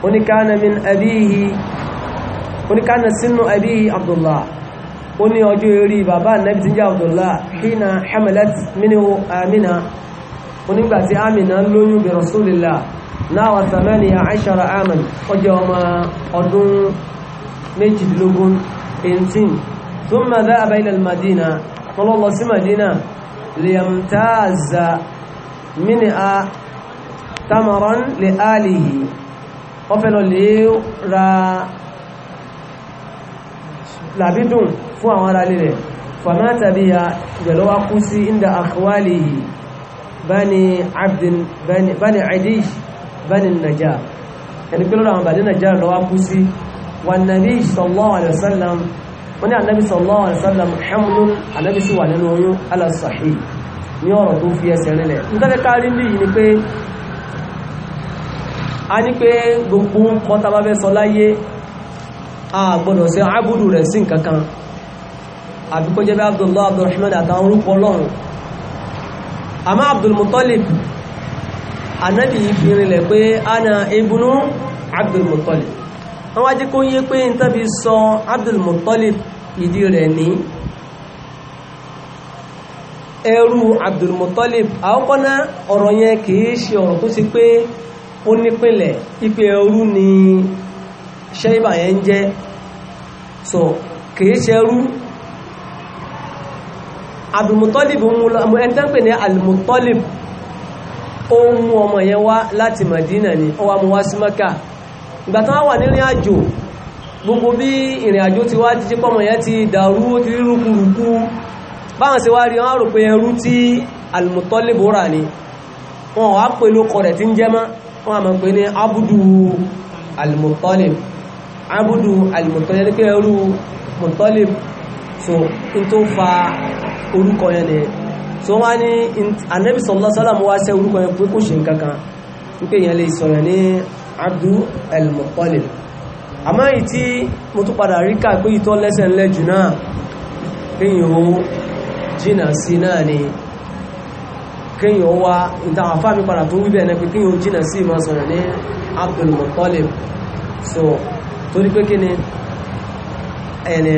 oníkánà min abihi oníkánà ó ní ọjọ́ orí bàbá nẹ́bí tí jẹ́ Abdullah hina hamalat minihu amina onígbàtí amina lóyún bi Rasulillah náà wà sàmẹ́ni àìṣàrà aman ọjọ́ ọmọ ọdún méjìdínlógún 18 thumma dhahaba ila al-Madina tọ́lọ́lọ́ sí Madina liyamtaza mini a tamaran li alihi wọ́n fún àwọn ará lè rẹ̀ famata biha ìgbẹ̀lọ́wà kú sí inda akhwalihi bani abdin bani adiy bani najjar ẹni pé lọ́dọ̀ àwọn bani najjar lọ́wà kú sí wọn nàbí sallallahu alaihi wasallam wọ́n ní ànábì sallallahu alaihi wasallam hamlun ànábì sí wà nínú oyún ala sahih ní ọ̀rọ̀ tó fi ẹsẹ̀ rinlẹ̀ nítorí kárí ní a ní pé gbogbo nǹkan tá bá sọ láyé a gbọ́dọ̀ ṣe rẹ̀ sí nǹkan àbí kó jẹ́ bí abdullahi abdulrahman àtàwọn orúkọ ọlọ́run àmá abdulmutalib anábì yìí fi rinlẹ̀ pé ana ibnu abdulmutalib wọ́n wá jẹ́ kó yé pé n tàbí sọ abdulmutalib ìdí rẹ̀ ní ẹrú abdulmutalib àwọ́kọ́ná ọ̀rọ̀ yẹn kìí ṣe ọ̀rọ̀ tó sì pé ó nípìnlẹ̀ ipe ẹrú ni ṣẹ́yìnbà yẹn jẹ́ so kìí ṣẹrú Abdulmutalib ẹni tán pè ní Al-Mutalib ó mú ọmọ yẹn wá láti Madina ni ó wá mú wá sí Maka ìgbà tán wà nírin àjò gbogbo bí ìrìn àjò ti wá jíjí pọ́mọ yẹn ti dàrú ti rúkúrúkú báwọn ṣe wá rí wọ́n rò pé ẹrú tí al rà ni wọ́n wá pè lókọ rẹ̀ tí ń jẹ́ mọ́ wọ́n àmọ́ pé ní Abudu al Abudu al ẹrú Mutalib so n tó fa orúkọ yẹn ni tí wọ́n wá ní anabi sallallahu alaihi wasallam wá sẹ́ orúkọ yẹn pé kò ṣe kankan wípé yẹn lè sọ̀rọ̀ ní Abdul Muttalib àmọ́ èyí tí mo tún padà rí ká pé ìtọ́ lẹ́sẹ̀ ńlẹ̀ jù náà kíyàn ó jìnà sí náà ni kíyàn ó wá ìtàwàfà mi padà tó wíbẹ̀ náà pé kíyàn ó jìnà sí ìmọ̀ sọ̀rọ̀ ní Abdul Muttalib so torí pé kí ni ẹni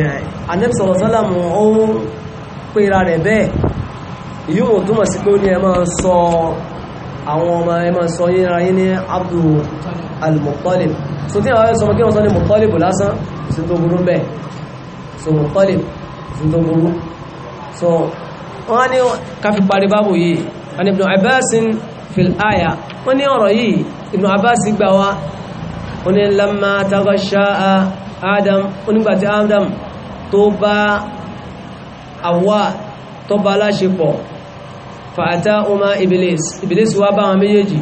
anẹ́bìsọ̀rọ̀ ó pé ra rẹ̀ bẹ́ẹ̀ yóò túnmọ̀ sí pé ó ní ẹ máa sọ àwọn ọmọ ẹ máa sọ yíra yí ní Abdul al-Muttalib so tí àwọn ẹ̀sọ́mọ́ kí wọ́n sọ ní Muttalib lásán sí tó burú bẹ́ẹ̀ so Muttalib sí tó burú so wọ́n ní káfí parí báàbù yìí wọ́n ní Ibn gbà wá wọ́n ní lamma taghasha Adam onígbàtí Adam tó bá àwa tó bá aláṣepọ̀ fàátá ọmọ ibilis ibilis wá bá wọn méjèèjì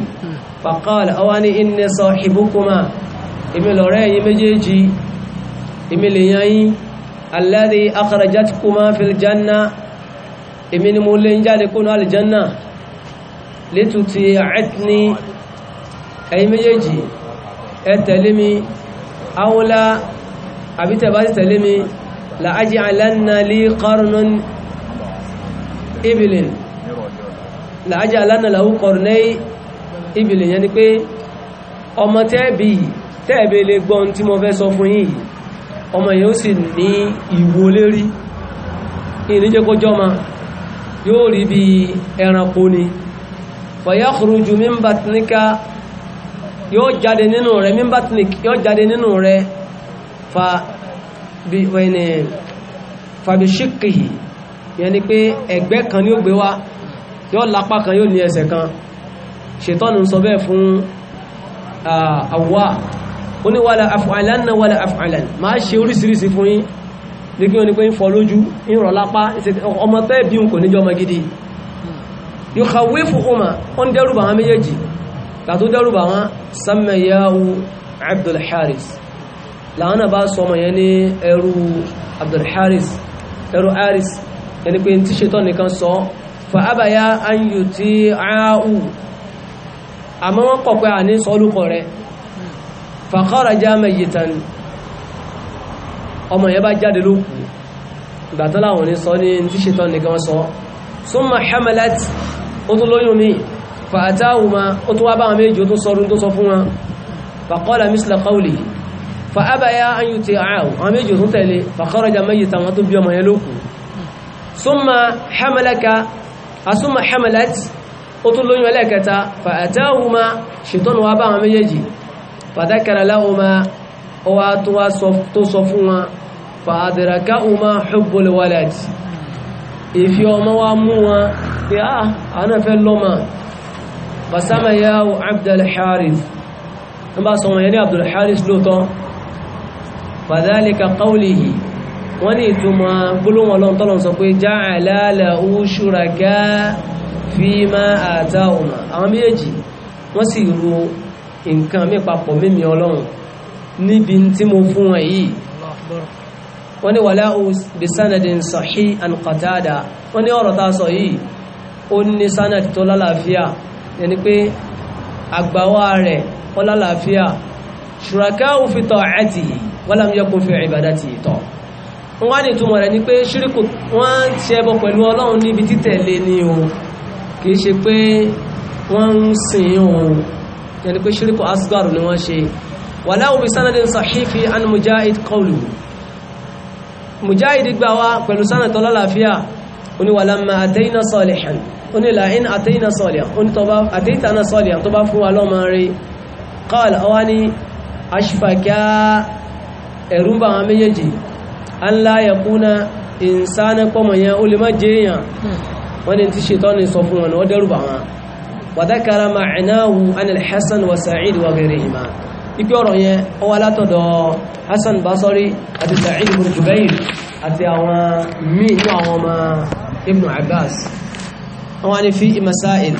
fàkàl ọwá ní inna sahibukuma èmi lọ̀rẹ́ yìí méjèèjì èmi lè yán yín alladhi akhrajtukuma fil janna èmi ni mo lè ń jáde kónú alìjanna létùtì àtìní tẹ̀lé mi لأجعلن لي قرن إبل لأجعلن له قرني إبل يعني pé ọmọ tẹ́ẹ̀bì tẹ́ẹ̀bì lè gbọ́n tí mo fẹ́ sọ fún yìí ọmọ yóò sì ní ìwo lérí ìníjẹ́ kó jọma yóò rí bí ẹranko ni fayakhruju min batnika yóò jáde nínú rẹ̀ min batnik yóò jáde nínú rẹ̀ fa bí wẹ́ni fàbíṣíkìhì yẹn ni pé ẹ̀gbẹ́ kan ni ó gbé wá yóò lápá kan yóò ní ẹsẹ̀ kan ṣètọ́nù sọ bẹ́ẹ̀ fún àwọ́ ó ní wàlá af'alan na wàlá af'alan ma ṣe orísìírísìí fún yín ní kí o ní pé ń fọ lójú ń rọ̀ lápá ọmọ tẹ́ bí n làwọn náà bá sọ ọmọ yẹn ní ẹrú abdulharis ẹrú aris ẹni pé tí ṣetán nìkan sọ fa abaya anyu ti aáwù àmọ́ wọ́n kọ̀ pé àní sọ olùkọ rẹ̀ fa kharaja mayitan ọmọ yẹn bá jáde lókù ìgbàtán láwọn ní sọ ní tí ṣetán nìkan sọ summa hamalat ó tún lóyún fa abaya an yute aahu àwọn méjì tún tẹ̀lé fa kharaja mayitan wọn tó bí ọmọ yẹn lókù summa hamalaka asumma hamalat ó tún lóyún ẹlẹ́ẹ̀kẹta fa atahuma ṣètọ́nù wa bá àwọn méjèèjì fa dhakara lahuma ó wá tó sọ fún wọn fa adrakahuma hubbul walad ìfi ọmọ wa mú wọn pé á ah, àánà fẹ́ lọ́mà fasama yáwó abdul harith ń bá sọmọ yẹn ní abdul harith lóòtọ́ fàdálíkà qawlihi wọ́n ní ìtumọ̀ gbólóhùn ọlọ́run tọ́lọ̀ sọ pé ja'ala lahu shuraka fima atahuma àwọn méjèèjì wọ́n sì ro nǹkan mi papọ̀ mímí ọlọ́run níbi tí mo fún wọn yìí wọ́n ní wàlá bisanadin sahih an qatada wọ́n ní ọ̀rọ̀ tá sọ yìí ó ní sanad tó lálàáfíà ẹni pé àgbàwá rẹ̀ ó lálàáfíà shuraka fi ta'atihi walam yakun fi ibadati tọ̀ wọ́n ní ìtumọ̀ rẹ̀ ni pé ṣíríkù wọ́n ń ṣẹbọ pẹ̀lú ọlọ́run níbi títẹ̀lé ni o kì í ṣe pé wọ́n ń sìn o yẹni pé ṣíríkù asgaru ni wọ́n ṣe walau bi sanadin sahihi an mujahid qawlu mujahid gbà wá pẹ̀lú sánàtọ̀ lálàáfíà oní walamma atayna salihan oní la'in atayna ẹ̀rù ń bá wọn méjèèjì aláyẹ̀kúná ìsánẹ́pọ̀mọ̀ yẹn ó lè má jẹ́ èèyàn wọ́n ni ti ṣetán ní sọ fún wọn wọ́n dẹ́rù bà wọn wàdákàrà ma'anáhu anil hassan wa sa'id wa ghairihima ipi ọ̀rọ̀ yẹn ó wá látọ̀dọ̀ hassan basori àti sa'id ibn jubair àti àwọn míì ní àwọn ọmọ ibn abbas wọ́n ni fi imasail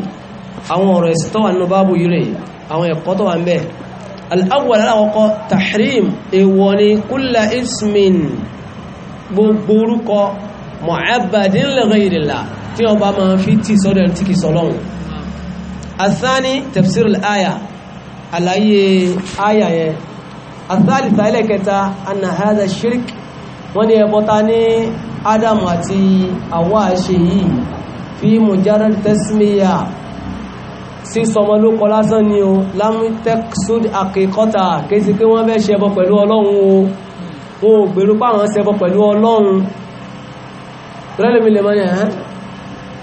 àwọn ọ̀rọ̀ ìsìtọ́wà nínú báàbù yìí rẹ̀ àwọn ẹ̀kọ́ tó wà ń bẹ́ẹ̀ al-awwal aláwọ̀kọ́ tahrim èwọ̀ ni kulla ismin gbogbo orúkọ mu'abbadin li ghayrillah tí wọ́n bá máa fi tí sọ́dọ̀ tí kì sọ́lọ́hun athani tafsir al-aya àlàyé aya yẹn athalitha ẹlẹ́kẹta anna hadha shirk wọ́n ní ẹbọta adam àti àwa àṣe yìí fi mujarrad tasmiya sí sọmọ ló kọ lásán ni o lamtexud akekọta kéèsì pé wọ́n fẹ́ ṣẹbọ pẹ̀lú ọlọ́run o wọn ò gbèrú páwọn ṣẹbọ pẹ̀lú ọlọ́run rẹ́lẹ̀mí lè mọ́ni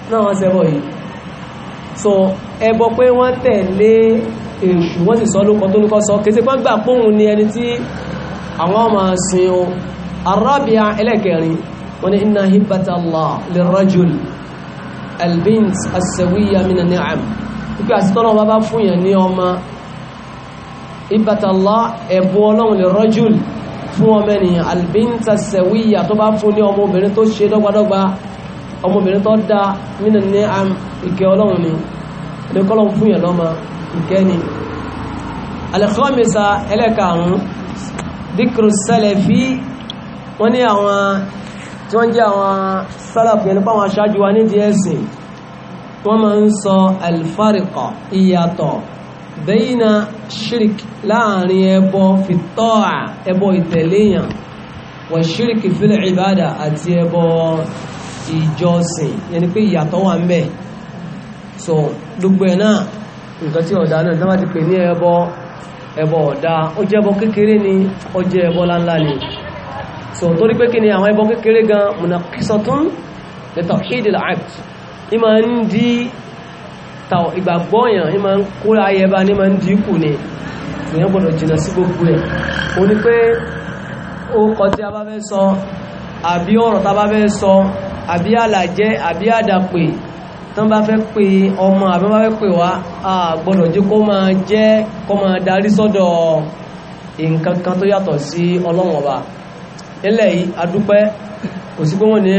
náà wọ́n ṣẹbọ yìí so ẹbọ pé wọ́n tẹ̀lé èṣù wọ́n sì sọ lókọ tó lókọ sọ kéèsì pé gbà póhùn ni ẹni tí àwọn ọmọ sin o arábíà ẹlẹ́kẹrin wọ́n ni inna hibbata Allah lirajul albint as-sawiyya min an-ni'am wípé àti tọ́lọ́wọ́ bá bá fún yàn ní ọmọ ìbátàlá ẹ̀bù ọlọ́run lè rọ́jùl fún ọmọ ènìyàn albinta sẹ̀wíyà tó bá fún ní ọmọbìnrin tó ṣe dọ́gbadọ́gba ọmọbìnrin tó dá nínú ní ìkẹ́ ọlọ́run ni ní kọ́lọ́run fún yàn lọ́mọ ìkẹ́ ni alẹ́kọ́mẹ́sà ẹlẹ́kàrún díkùrù sẹ́lẹ̀fí wọ́n ní àwọn tí wọ́n jẹ́ àwọn sálàpù yẹn nípa àwọn aṣáájú wa nídìí ẹ̀sìn wọ́n máa ń sọ alfarikọ̀ ìyàtọ̀ bẹ́yìnà shirk láàrin ẹbọ fìtọ́à ẹbọ ìtẹ̀léyàn wà shirk fil ìbádà àti ẹbọ ìjọsìn yẹni pé ìyàtọ̀ wà ń bẹ so gbogbo ẹ̀ náà nǹkan tí ọ̀dá náà tó bá ti pè ní ẹbọ ẹbọ ọ̀dá ó jẹ́ ẹbọ kékeré ni ó jẹ́ ẹbọ láńlá ni so torí pé kí ni àwọn ẹbọ kékeré gan munakisatun li tawhidil abd ní ma ń dí tàwọn ìgbàgbọ́ èèyàn ní ma ń kó ayẹba ní ma ń dí kù ni èèyàn gbọ́dọ̀ jìnà sí gbogbo ẹ̀ o ní pé ó kọ a bá fẹ́ sọ àbí ọ̀rọ̀ tá a bá fẹ́ sọ àbí àlàjẹ́ àbí àdàpè tán bá fẹ́ pè ọmọ àbí bá fẹ́ pè wá a gbọ́dọ̀ jẹ́ kó máa jẹ́ kó máa darí sọ́dọ̀ nǹkan kan tó yàtọ̀ sí ọlọ́wọ̀n ọba ilẹ̀ yìí adúpẹ́ kò sí pé wọ́n ní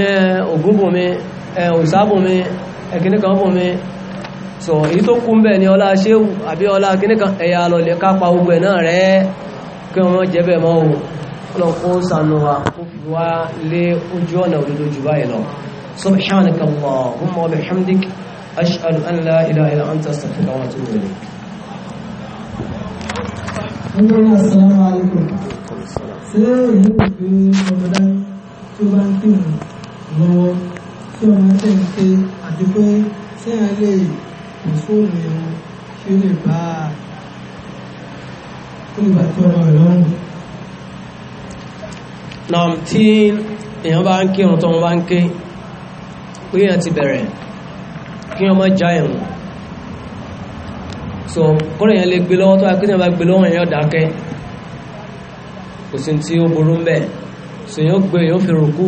ogúnbùnmi Eh, òsàbùnmi ẹ̀kìníkan eh, bùnmi so èyí tó kú bẹ́ẹ̀ ni ọlá ṣe àbí ọlá kìníkan ẹ̀yà lọlẹ̀ kápa ogun ẹ̀ náà rẹ̀ kí wọ́n jẹ́ bẹ́ẹ̀ mọ́ o lọ kó sànù wa kó fi wá lé ojú ọ̀nà òdodo jù báyìí lọ subhanaka allahumma wa bihamdik ashhadu an la Ṣé èyí ò gbé ọmọdé tó bá ń kírun lọ́wọ́? tí wọ́n máa ń tẹ̀lé àti pé tí a lè kò fóònù ẹ̀wọ̀n kí ó lè bá ó lè bá tọrọ ẹ̀ lọ́rùn. Nam tí èèyàn bá ń kírun tó wọn bá ń ké pé èèyàn ti bẹ̀rẹ̀ kí wọ́n já ẹ̀wọ̀n so kọ́rọ̀ èèyàn lè gbé lọ́wọ́ tó akínyàn bá gbé lọ́wọ́ èèyàn dákẹ́ kò sí tí ó burú ń bẹ̀ gbé èèyàn fi rùkú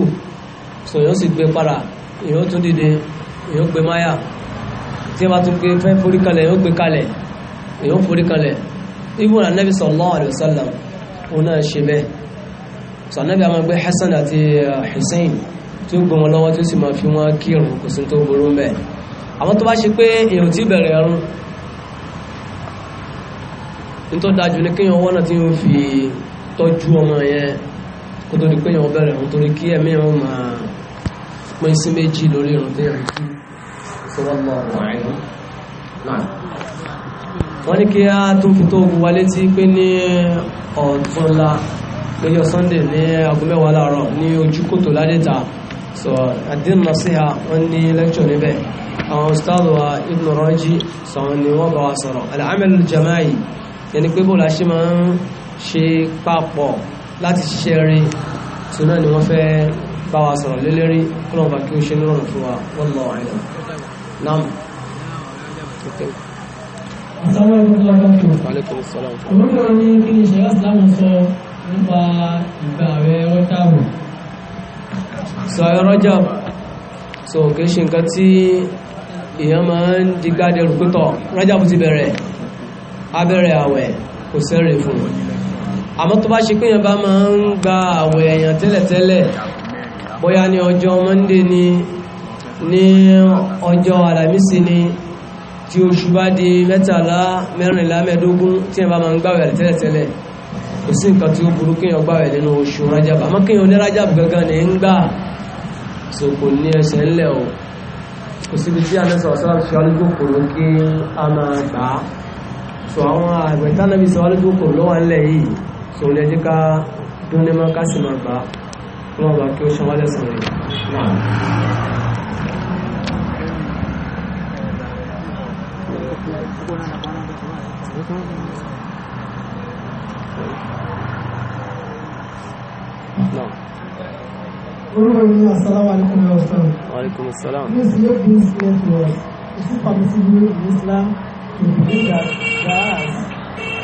so èèyàn sì gbé padà èèyàn tún dìde èèyàn gbé máyà tí a bá tún gbé fẹ́ forí kalẹ̀ èèyàn gbé kalẹ̀ èèyàn forí kalẹ̀ ibùn anabi sallallahu alayhi wa sallam òun náà ṣe bẹ́ẹ̀ sọ anabi àwọn gbé Hasan àti uh, Hussein tí ó gbé wọn lọ́wọ́ tí ó sì máa fi wọn kírun kò sí tó burú bẹ́ẹ̀ àwọn tó bá ṣe pé èèyàn ti bẹ̀rẹ̀ ẹ̀rùn ní tó dájú ní kéèyàn wọ́nà tí ó fi tọ́jú ọmọ yẹn kó tó di pé èèyàn bẹ̀rẹ̀ ẹ̀rùn torí kí ẹ̀mí ẹ̀rùn máa pín sí méjì lórí irun tí yẹn kí sọ́wọ́mọ ọ̀rẹ́ náà wọ́n ní kí á tún fi tó ogun wa létí pé ní ọ̀túnla lọ́jọ́ sunday ní aago mẹ́wàá ní ojúkòtò ládẹ́ta sọ àdín nasiha wọ́n ní lecture níbẹ̀ àwọn ustaadu ibn rọ́jí sọ̀rọ̀ ni wọ́n wa sọ̀rọ̀ alàmẹ́lú jama'i yẹni pé bóòlá ṣe máa ń ṣe papọ̀ láti ṣiṣẹ́ bá wa sọ̀rọ̀ lélẹ́rí kúlọ̀bà kí ó ṣe lọ́rùn fún wa wọ́n lọ àìyàn náà Àtàwọn ẹgbẹ́ tó wájú fún orúkọ ní kí ni ṣe láti láwọn sọ nípa ìgbà rẹ̀ rọ́jáàbù. Sọ ẹ rọ́jáàbù, sọ kì í ṣe nǹkan tí èèyàn máa ń digbádẹ rùpútọ̀, rọ́jáàbù ti bẹ̀rẹ̀, abẹ́rẹ̀ àwẹ̀ kò sẹ́rẹ̀ fún. Àmọ́ tó bá ṣe pé èèyàn bá máa ń gba àwẹ̀ èèyàn tẹ́lẹ̀tẹ́lẹ̀ bóyá ní ọjọ́ monday ni ní ọjọ́ alamisi ni tí oṣù bá di mẹ́tàlá mẹ́rìnlá mẹ́ẹ̀dógún tí ẹ bá máa ń gbàwẹ̀ tẹ́lẹ̀tẹ́lẹ̀ kò sí nǹkan tí ó burú kéèyàn gbàwẹ̀ nínú oṣù rajab àmọ́ kéèyàn ní rajab gangan ní ń gbà so kò ní ẹsẹ̀ ńlẹ̀ o kò síbi tí anẹ́sọ̀ ọ̀sán fi ọlójókòrò kí a máa gbà á so àwọn àgbẹ̀tánàbí sọ ọlójókòrò ló ńlẹ̀ yìí so lẹ́jẹ́ ká dúnlẹ́mọ́ ká sì máa gbà á Vamos lá, que eu vou chamar Não. Assalamu alaikum ya Ustaz. Wa alaikum assalam. Please é this clear to us. Is it permissible in Islam to believe